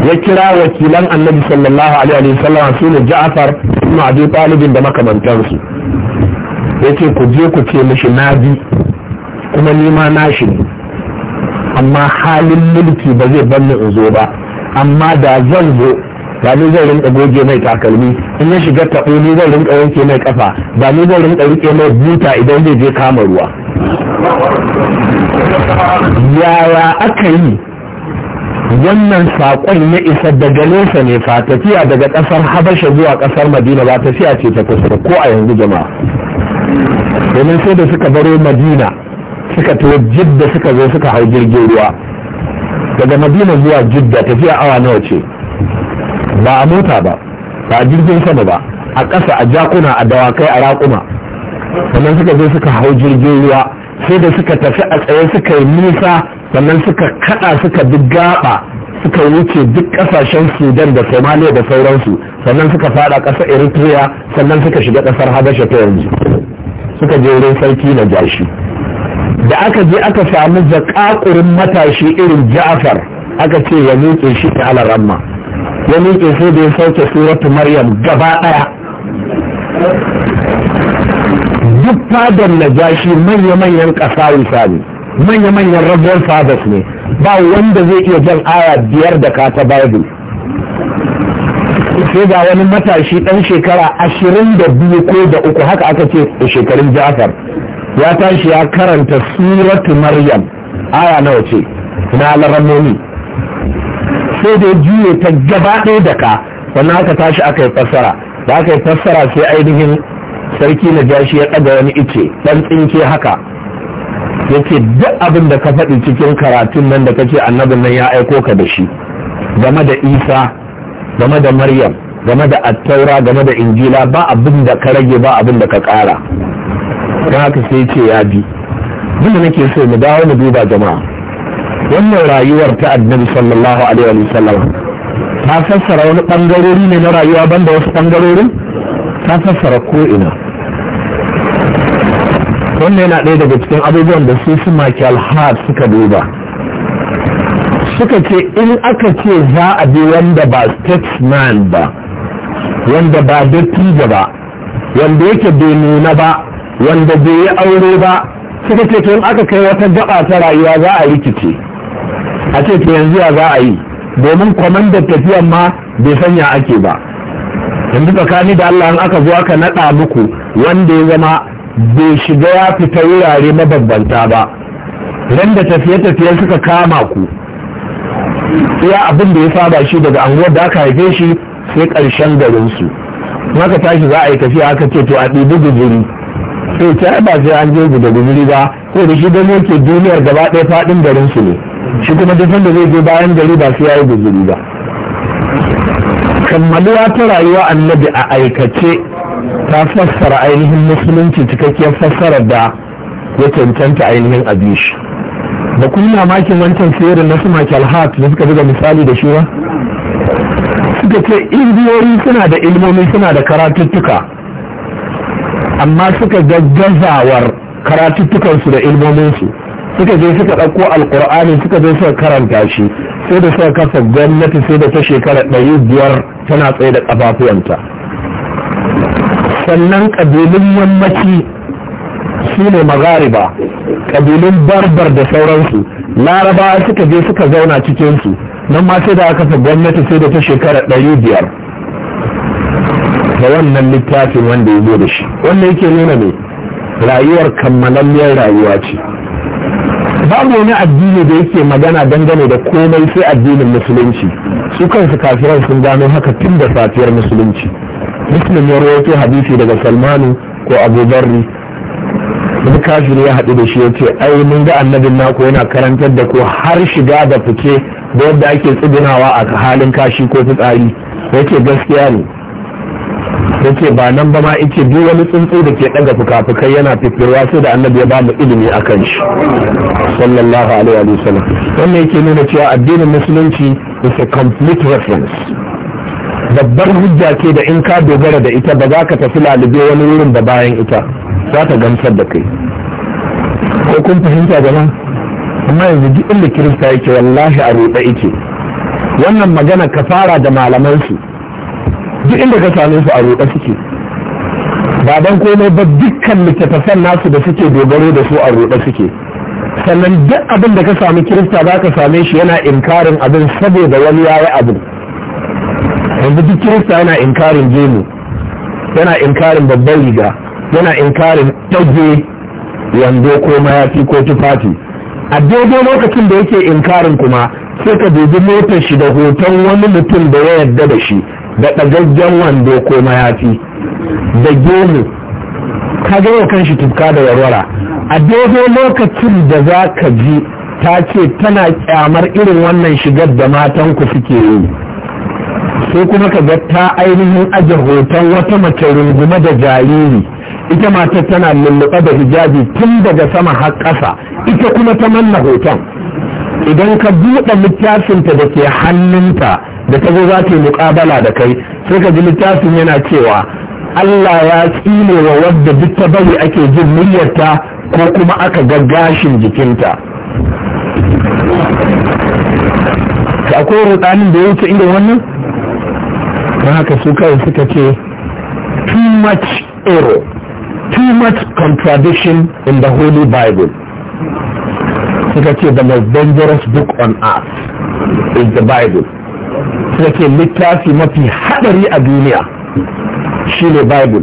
ya kira wakilan annabi sallallahu alaihi sallam su ne ja'far ibn abi talib da makamantansu yace ku je ku ce mishi nabi kuma nima ma shi ne amma halin mulki ba zai banni in zo ba amma da zan zo ba ni zan rinka goge mai takalmi in ya shiga taɓo ni zan rinka wanke mai kafa ba ni zan rinka rike mai buta idan zai je kama ruwa yaya aka yi wannan saƙon ya isa daga nesa ne fa tafiya daga ƙasar habasha zuwa ƙasar madina ba tafiya ce ta kusa ko a yanzu jama'a domin sai da suka baro madina suka tuwa jidda suka zo suka hau jirgin ruwa daga madina zuwa jidda tafiya awa nawa ce ba a mota ba ba a jirgin sama ba a ƙasa a jakuna a dawakai a raƙuma sannan suka zo suka hau jirgin ruwa sai da suka tafi a tsaye suka yi nisa sannan suka kada suka duk gaba suka wuce duk kasashen sudan da somaliya da sauransu sannan suka fada kasar eritrea sannan suka shiga kasar habasha ta yanzu suka je wurin sarki na jashi da aka je aka samu zakakurin matashi irin ja'afar aka ce ya miƙe shi ta alaramma ya miƙe sai da ya sauke suratu maryam gaba ɗaya duk fadar najashi manya-manyan ƙasa ne manya-manyan rabuwar fadas ne ba wanda zai iya jan aya biyar da ka ta bible sai ga wani matashi ɗan shekara ashirin da biyu ko da uku haka aka ce shekarun jafar ya tashi ya karanta suratu maryam aya nawa ce na alaramoni sai da juye ta gaba ɗaya da ka wannan aka tashi aka yi fassara da aka yi fassara sai ainihin sarki na jashi ya ɗaga wani ice ɗan tsinke haka yake duk abin da ka faɗi cikin karatun nan da kace annabin nan ya aiko ka da shi game da isa game da maryam game da attaura game da injila ba abin da ka rage ba abin da ka ƙara don haka sai ce ya bi duk nake so mu dawo mu duba jama'a wannan rayuwar ta annabi sallallahu alaihi wa sallam ta fassara wani bangarori ne na rayuwa banda wasu bangarorin ta fassara ko'ina wannan yana ɗaya daga cikin abubuwan da su su michael hart suka duba suka ce in aka ce za a bi wanda ba statesman ba wanda ba dattijo ba wanda yake bai nuna ba wanda bai yi aure ba suka ce to in aka kai wata gaba ta rayuwa za a rikice a ce to yanzu ya za a yi domin kwamandar tafiyan ma bai sanya ake ba yanzu tsakani da Allah in aka zo ka naɗa muku wanda ya zama bai shiga ya fita wurare mabambanta ba ran da tafiye-tafiye suka kama ku iya abin da ya saba shi daga anguwar da aka haife shi sai ƙarshen garinsu maka tashi za a yi tafiya aka ce to a ɗibi guzuri sai ta ba sai an je da guzuri ba ko da shi don yake duniyar gaba ɗaya faɗin garinsu ne shi kuma duk da zai je bayan gari ba sai ya yi guzuri ba kammaluwa ta rayuwa annabi a aikace ta fassara ainihin musulunci cikakkiyar fassarar da ya cancanta ainihin abin shi da kun mamakin wancan sayarin na su Michael Hart da suka buga misali da shi ba suka ce indiyoyi suna da ilmomi suna da karatuttuka amma suka gaggazawar karatuttukansu da ilmominsu suka je suka ɗauko alkur'ani suka zo suka karanta shi sai da suka kafa gwamnati sai da ta shekara ɗari biyar tana tsaye da ƙafafuwanta sannan ƙabilun yammaci su ne magariba ƙabilun barbar da sauransu laraba suka je suka zauna cikinsu nan ma sai da aka kafa gwamnati sai da ta shekara ɗari biyar da wannan littafin wanda ya zo da shi wannan yake nuna ne rayuwar kammalalliyar rayuwa ce babu wani addini da yake magana dangane da komai sai addinin musulunci su kansu kafiran sun gano haka tun da safiyar musulunci muslim ya rawaito hadisi daga salmanu ko abu barri wani kafiri ya haɗu da shi ya ce ai mun ga annabin naku yana karantar da ku har shiga da fice da yadda ake tsigunawa a halin kashi ko fitsari yake gaskiya ne yace ba nan ba ma yace duk wani tsuntsu da ke ɗaga fuka yana fifirwa sai da annabi ya mu ilimi akan shi sallallahu alaihi wa sallam wannan yake nuna cewa addinin musulunci is a complete reference babbar hujja ke da in ka dogara da ita ba za ka tafi lalube wani wurin da bayan ita za ta gamsar da kai ko kun fahimta gaba? amma yanzu duk inda kirista yake wallahi a ruɗe yake wannan magana ka fara da malamansu. su duk inda ka same su a roƙa suke ba dan komai ba dukkan littattafan nasu da suke dogaro da su a roƙa suke sannan duk abin da ka sami kirista za ka same shi yana inkarin abin saboda wani yayi abin yanzu duk kirista yana inkarin jemu yana inkarin babban riga yana inkarin ɗage wando ko mayafi ko tufafi a daidai lokacin da yake inkarin kuma sai ka dubi motar shi da hoton wani mutum da ya yarda da shi da ɗagaggen wando ko mayafi da gemu ka gano kan shi tufka da warwara a dogon lokacin da za ka ji ta ce tana kyamar irin wannan shigar da matan ku suke yi sai kuma ka ga ta ainihin aje hoton wata mace runguma da jariri ita mata tana lulluɓa da hijabi tun daga sama har ƙasa ita kuma ta manna hoton idan ka buɗe littafinta da ke hannunta da ta zo za ta yi muƙabala da kai sai ka ji littafin yana cewa Allah ya tsine wa wadda duk ta bari ake jin muryarta ko kuma aka ga gashin jikinta akwai rudanin da ya inda wannan don haka su kawai suka ce too much error too much contradiction in the holy bible suka ce the most dangerous book on earth is the bible yake littafi mafi hadari a duniya shine bible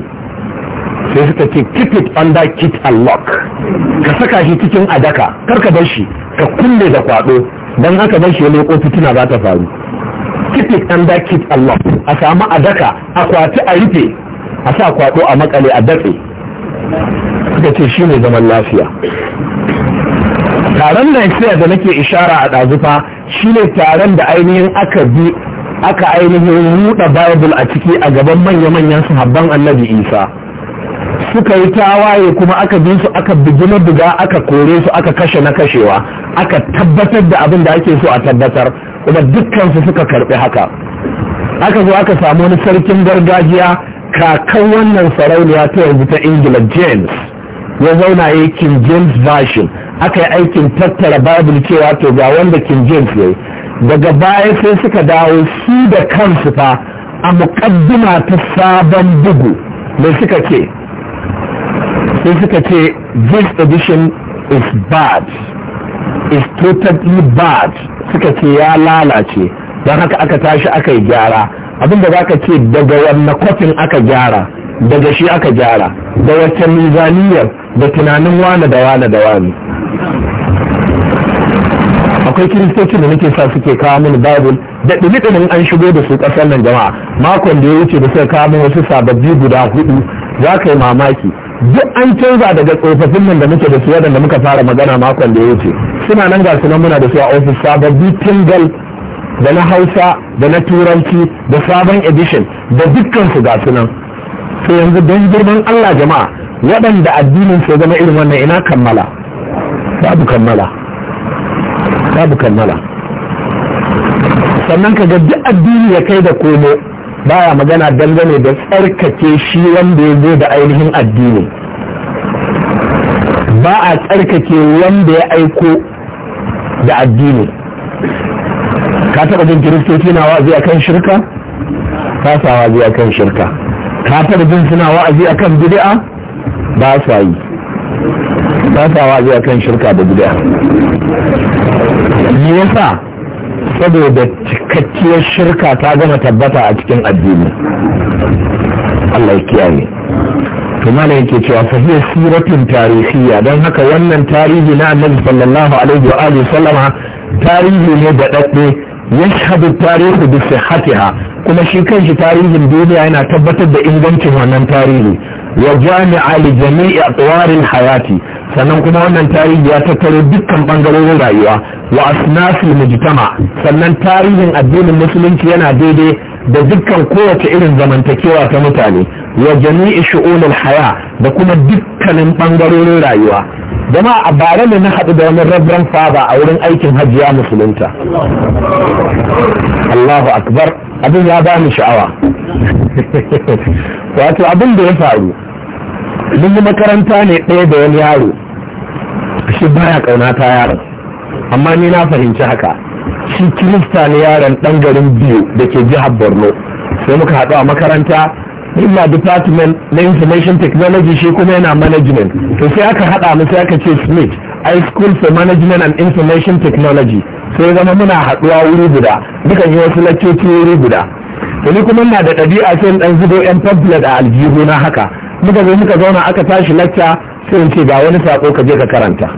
sai suka ce keep it under kit and lock ka saka shi cikin adaka kar ka bar shi ka kulle da kwado don haka bar shi ya leko fitina za ta faru keep it under kit and lock a samu adaka a akwati a rufe a sa kwado a makale a datse suka ce shine zaman lafiya taron Najeriya da nake ishara a ɗazufa shine taron da ainihin aka bi aka ainihin muɗa Bible a ciki a gaban manya-manyan habban Annabi Isa suka yi tawaye kuma aka bi su aka bugi buga aka kore su aka kashe na kashewa aka tabbatar da abin da ake so a tabbatar kuma dukkansu suka karɓi haka aka zo aka samu wani sarkin gargajiya kakan wannan sarauniya ta yanzu ta ingila james ya zauna ya yi king james version aka yi aikin tattara bible cewa to ga wanda king james ya yi daga baya sai suka dawo su da kansu fa a muƙaddima ta sabon bugu da suka ce sai suka ce this edition is bad is totally bad suka ce ya lalace don haka aka tashi aka yi gyara abinda za ka ce daga wannan kwafin aka gyara daga shi aka gyara da wacce mizaniyar da tunanin wane da wane da wane akwai kiristoci da nake sa suke kawo mini babul da an shigo da su ƙasar nan jama'a makon da ya wuce da suka kawo mini wasu sababbi guda hudu za ka yi mamaki duk an canza daga tsofaffin nan da muke da su waɗanda muka fara magana makon da ya wuce suna nan ga sunan muna da su a ofis sababbi tingal da na hausa da na turanci da sabon edition da dukkan su ga sunan to yanzu don girman allah jama'a waɗanda addinin su zama irin wannan ina kammala babu kammala babu kammala sannan ka gaji addini ya kai da komo baya magana dangane da tsarkake shi wanda ya zo da ainihin addini ba a tsarkake wanda ya aiko da addini ka taɓa jin kiristoci na wa'azi a kan shirka? ka sa wa'azi a kan shirka ka taɓa jin suna wa'azi a kan bid'a? ba sa yi ba sa wazi kan shirka da bid'a me yasa saboda cikakkiyar shirka ta gama tabbata a cikin addini Allah ya kiyaye kuma ne yake cewa fahiyar siratin tarihiyya don haka wannan tarihi na annabi sallallahu alaihi wa alihi sallama tarihi ne da dadde yashhadu tarihu bi sihhatiha kuma shi shi tarihin duniya yana tabbatar da ingancin wannan tarihi wa jami'a hayati sannan kuma wannan tarihi ya tattaro dukkan ɓangarorin rayuwa wa asnafil mujtama sannan tarihin addinin musulunci yana daidai da dukkan kowace irin zamantakewa ta mutane wa jami'i shu'unil haya da kuma dukkanin ɓangarorin rayuwa jama'a a bare ne na haɗu da wani rabran faba a wurin aikin hajiya musulunta Allahu akbar abin ya ba ni sha'awa wato abin da ya faru mun yi makaranta ne ɗaya da wani yaro shi baya ta yaron amma ni na fahimci haka shi kirista ne yaron ɗan garin biyu da ke jihar borno sai muka haɗu a makaranta illa department na information technology shi kuma yana management to sai aka haɗa mu sai aka ce smith high school for management and information technology sai zama muna haɗuwa wuri guda dukan yi wasu lakcoci wuri guda to ni kuma na da ɗabi'a sai ɗan zubo yan public a aljihu na haka muka zo muka zauna aka tashi lacca sai in ce ga wani sako ka je ka karanta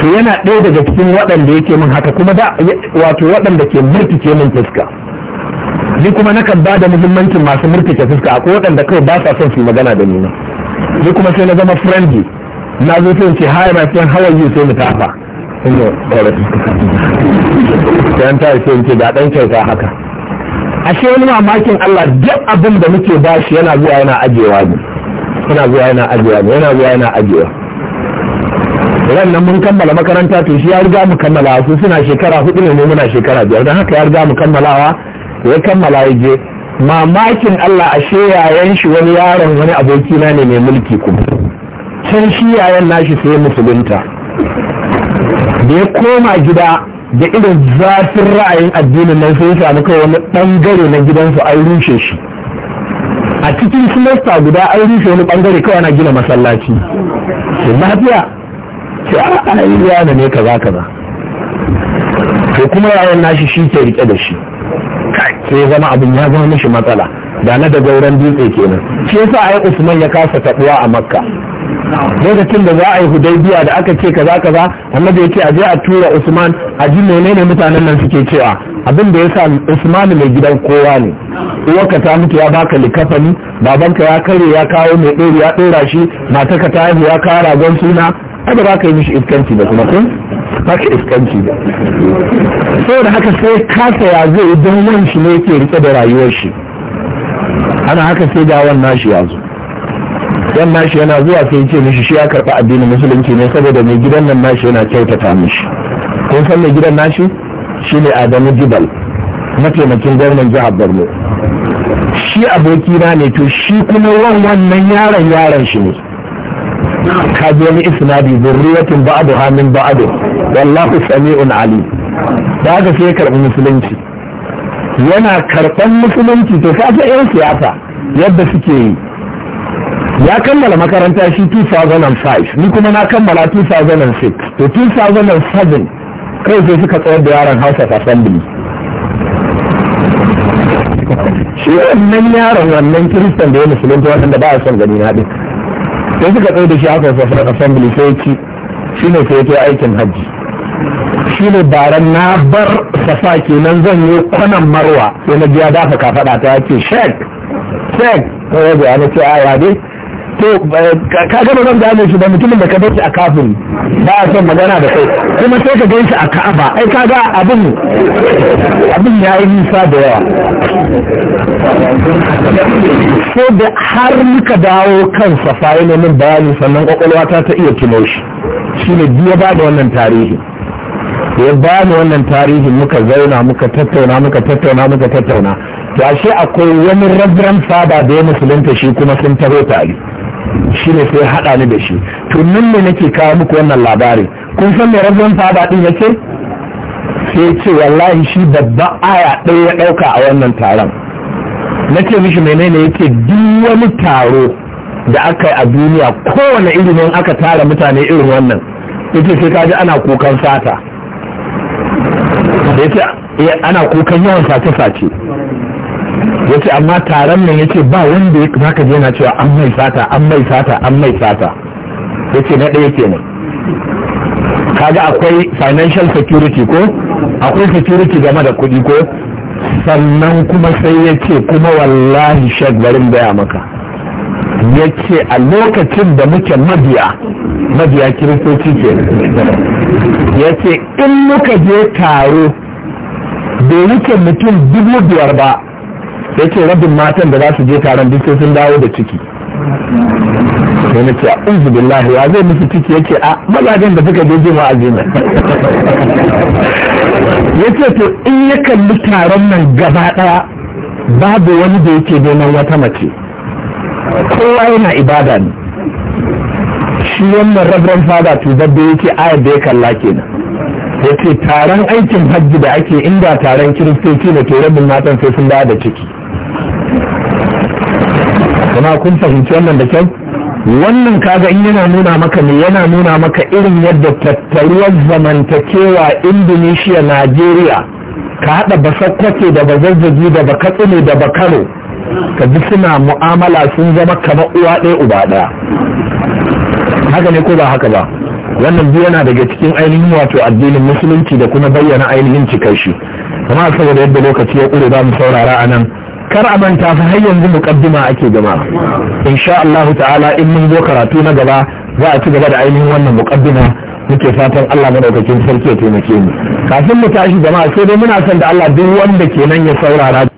to yana ɗaya daga cikin waɗanda yake min haka kuma da wato waɗanda ke murtuke min fuska ni kuma nakan ba da muhimmancin masu murtuke fuska akwai waɗanda kawai ba sa son su magana da nuna ni kuma sai na zama friendly na zo sai ce hi my friend how are you sai mu tafa sun yi kawai sai an tafi sai ce da ɗan kyauta haka ashe wani mamakin Allah duk abin da muke ba shi yana zuwa yana ajewa ne yana zuwa yana ajewa ne yana zuwa yana ajewa ran nan mun kammala makaranta to shi ya riga mu kammala, su suna shekara hudu ne muna shekara biyar don haka ya riga mu kammalawa ya kammala ya je mamakin Allah ashe yayan shi wani yaron wani abokina ne mai mulki kuma can shi yayan nashi sai musulunta da ya koma gida da irin zafin ra'ayin addinin nan sai samu kai wani bangare na gidansu an rushe shi a cikin semester guda an rushe wani bangare kawai na gina masallaci sai lafiya sai a yi ne kaza kaza to kuma yayan nashi shi ke rike da shi sai zama abin ya zama mishi matsala da na da gauran dutse kenan shi yasa ai Usman ya kasa tabuwa a Makka lokacin da za a yi biya da aka ce kaza kaza annabi yake aje a tura Usman a ji menene mutanen nan suke cewa abin da sa Usman mai gidan kowa ne ka ta mutu ya baka likafani babanka ya kare ya kawo mai ɗori ya ɗora shi matarka ta haihu ya kawo ragon suna kada ba ka yi mishi iskanci ba kuma kun ba iskanci ba saboda haka sai kasa ya zai idan wani shi ne yake rike da rayuwar shi ana haka sai ga wani nashi ya zo dan nashi yana zuwa sai ce mishi shi ya karɓi addinin musulunci ne saboda mai gidan nan nashi yana kyautata mishi kun san mai gidan nashi shi ne adamu jibal mataimakin gwamnan jihar borno shi abokina ne to shi kuma wan wannan yaron yaron shi ne ka ji wani isnadi zurriyatin ba'adu hamin ba'adu wallahu sami'un ali da aka sai karɓi musulunci yana karɓan musulunci to sai aka yan siyasa yadda suke yi ya kammala makaranta shi 2005 ni kuma na kammala 2006 to 2007 kai sai suka tsayar da yaron house of assembly shi wannan yaron wannan kiristan da ya musulunci wanda ba a son gani na din sai suka tsaye da shi aka of assembly sai ci shi ne sai ya aikin hajji shine baran na bar safa kenan zan yi kwanan marwa sai na biya dafa kafada ta yake shek shek Ko ya na ce aya to ka ga zan gane shi da mutumin da ka bar shi a kafin ba a son magana da kai kuma sai ka gan a ka'aba ai ka ga abin abin ya yi nisa da yawa so da har muka dawo kan safa yana min bayani sannan kwakwalwa ta iya tuno shi shine biya ba da wannan tarihi ya ba ni wannan tarihin muka zauna muka tattauna muka tattauna muka tattauna to ashe akwai wani rabran fada da ya musulunta shi kuma sun taho tare shi ne sai haɗa ni da shi to nan ne nake kawo muku wannan labari kun san me rabran fada din yake sai ce wallahi shi babba aya ɗaya ya ɗauka a wannan taron na ce mishi menene yake duk wani taro da aka yi a duniya kowane ilimin aka tara mutane irin wannan ita sai kaji ana kukan sata da yace eh, ana kukan yawan sace-sace yace amma taron nan yace ba wanda zaka je yana cewa an mai sata an mai sata an mai sata yace na ɗaya ne kaga akwai financial security ko akwai security game da kuɗi ko sannan kuma sai ya ce kuma wallahi shek barin baya maka ya ce a lokacin da muke mabiya mabiya kiristoci ke ya ce in muka je taro bai wuce mutum dubu biyar ba sai ce rabin matan da za su je taron duk sai sun dawo da ciki sai na ce a uzu billahi wa zai musu ciki yake a mazajen da suka je jima azimai ya ce to in ya kalli taron nan gaba ɗaya babu wani da yake neman wata mace kowa yana ibada ne shi wannan rabran fada tuzar da yake ayar da ya kalla kenan ya ce taron aikin hajji da ake inda taron kiristoci da ke rabin matan sai sun da ciki kuma kun fahimci wannan da kyau wannan kaga in yana nuna maka ne yana nuna maka irin yadda tattaruwar zamantakewa indonesia nigeria ka haɗa basakwace da bazazzaji da bakatsine da bakaro ka ji suna mu'amala sun zama kamar uwa ɗaya uba ɗaya haka ne ko ba haka ba wannan biyu yana daga cikin ainihin wato addinin musulunci da kuma bayyana ainihin cikar shi saboda yadda lokaci ya ƙure za mu saurara a nan kar a manta fa har yanzu muqaddima ake gama insha Allah ta'ala in mun zo karatu na gaba za a ci gaba da ainihin wannan muqaddima muke fatan Allah madaukakin sarki ya taimake mu kafin mu tashi jama'a sai dai muna son da Allah duk wanda kenan ya saurara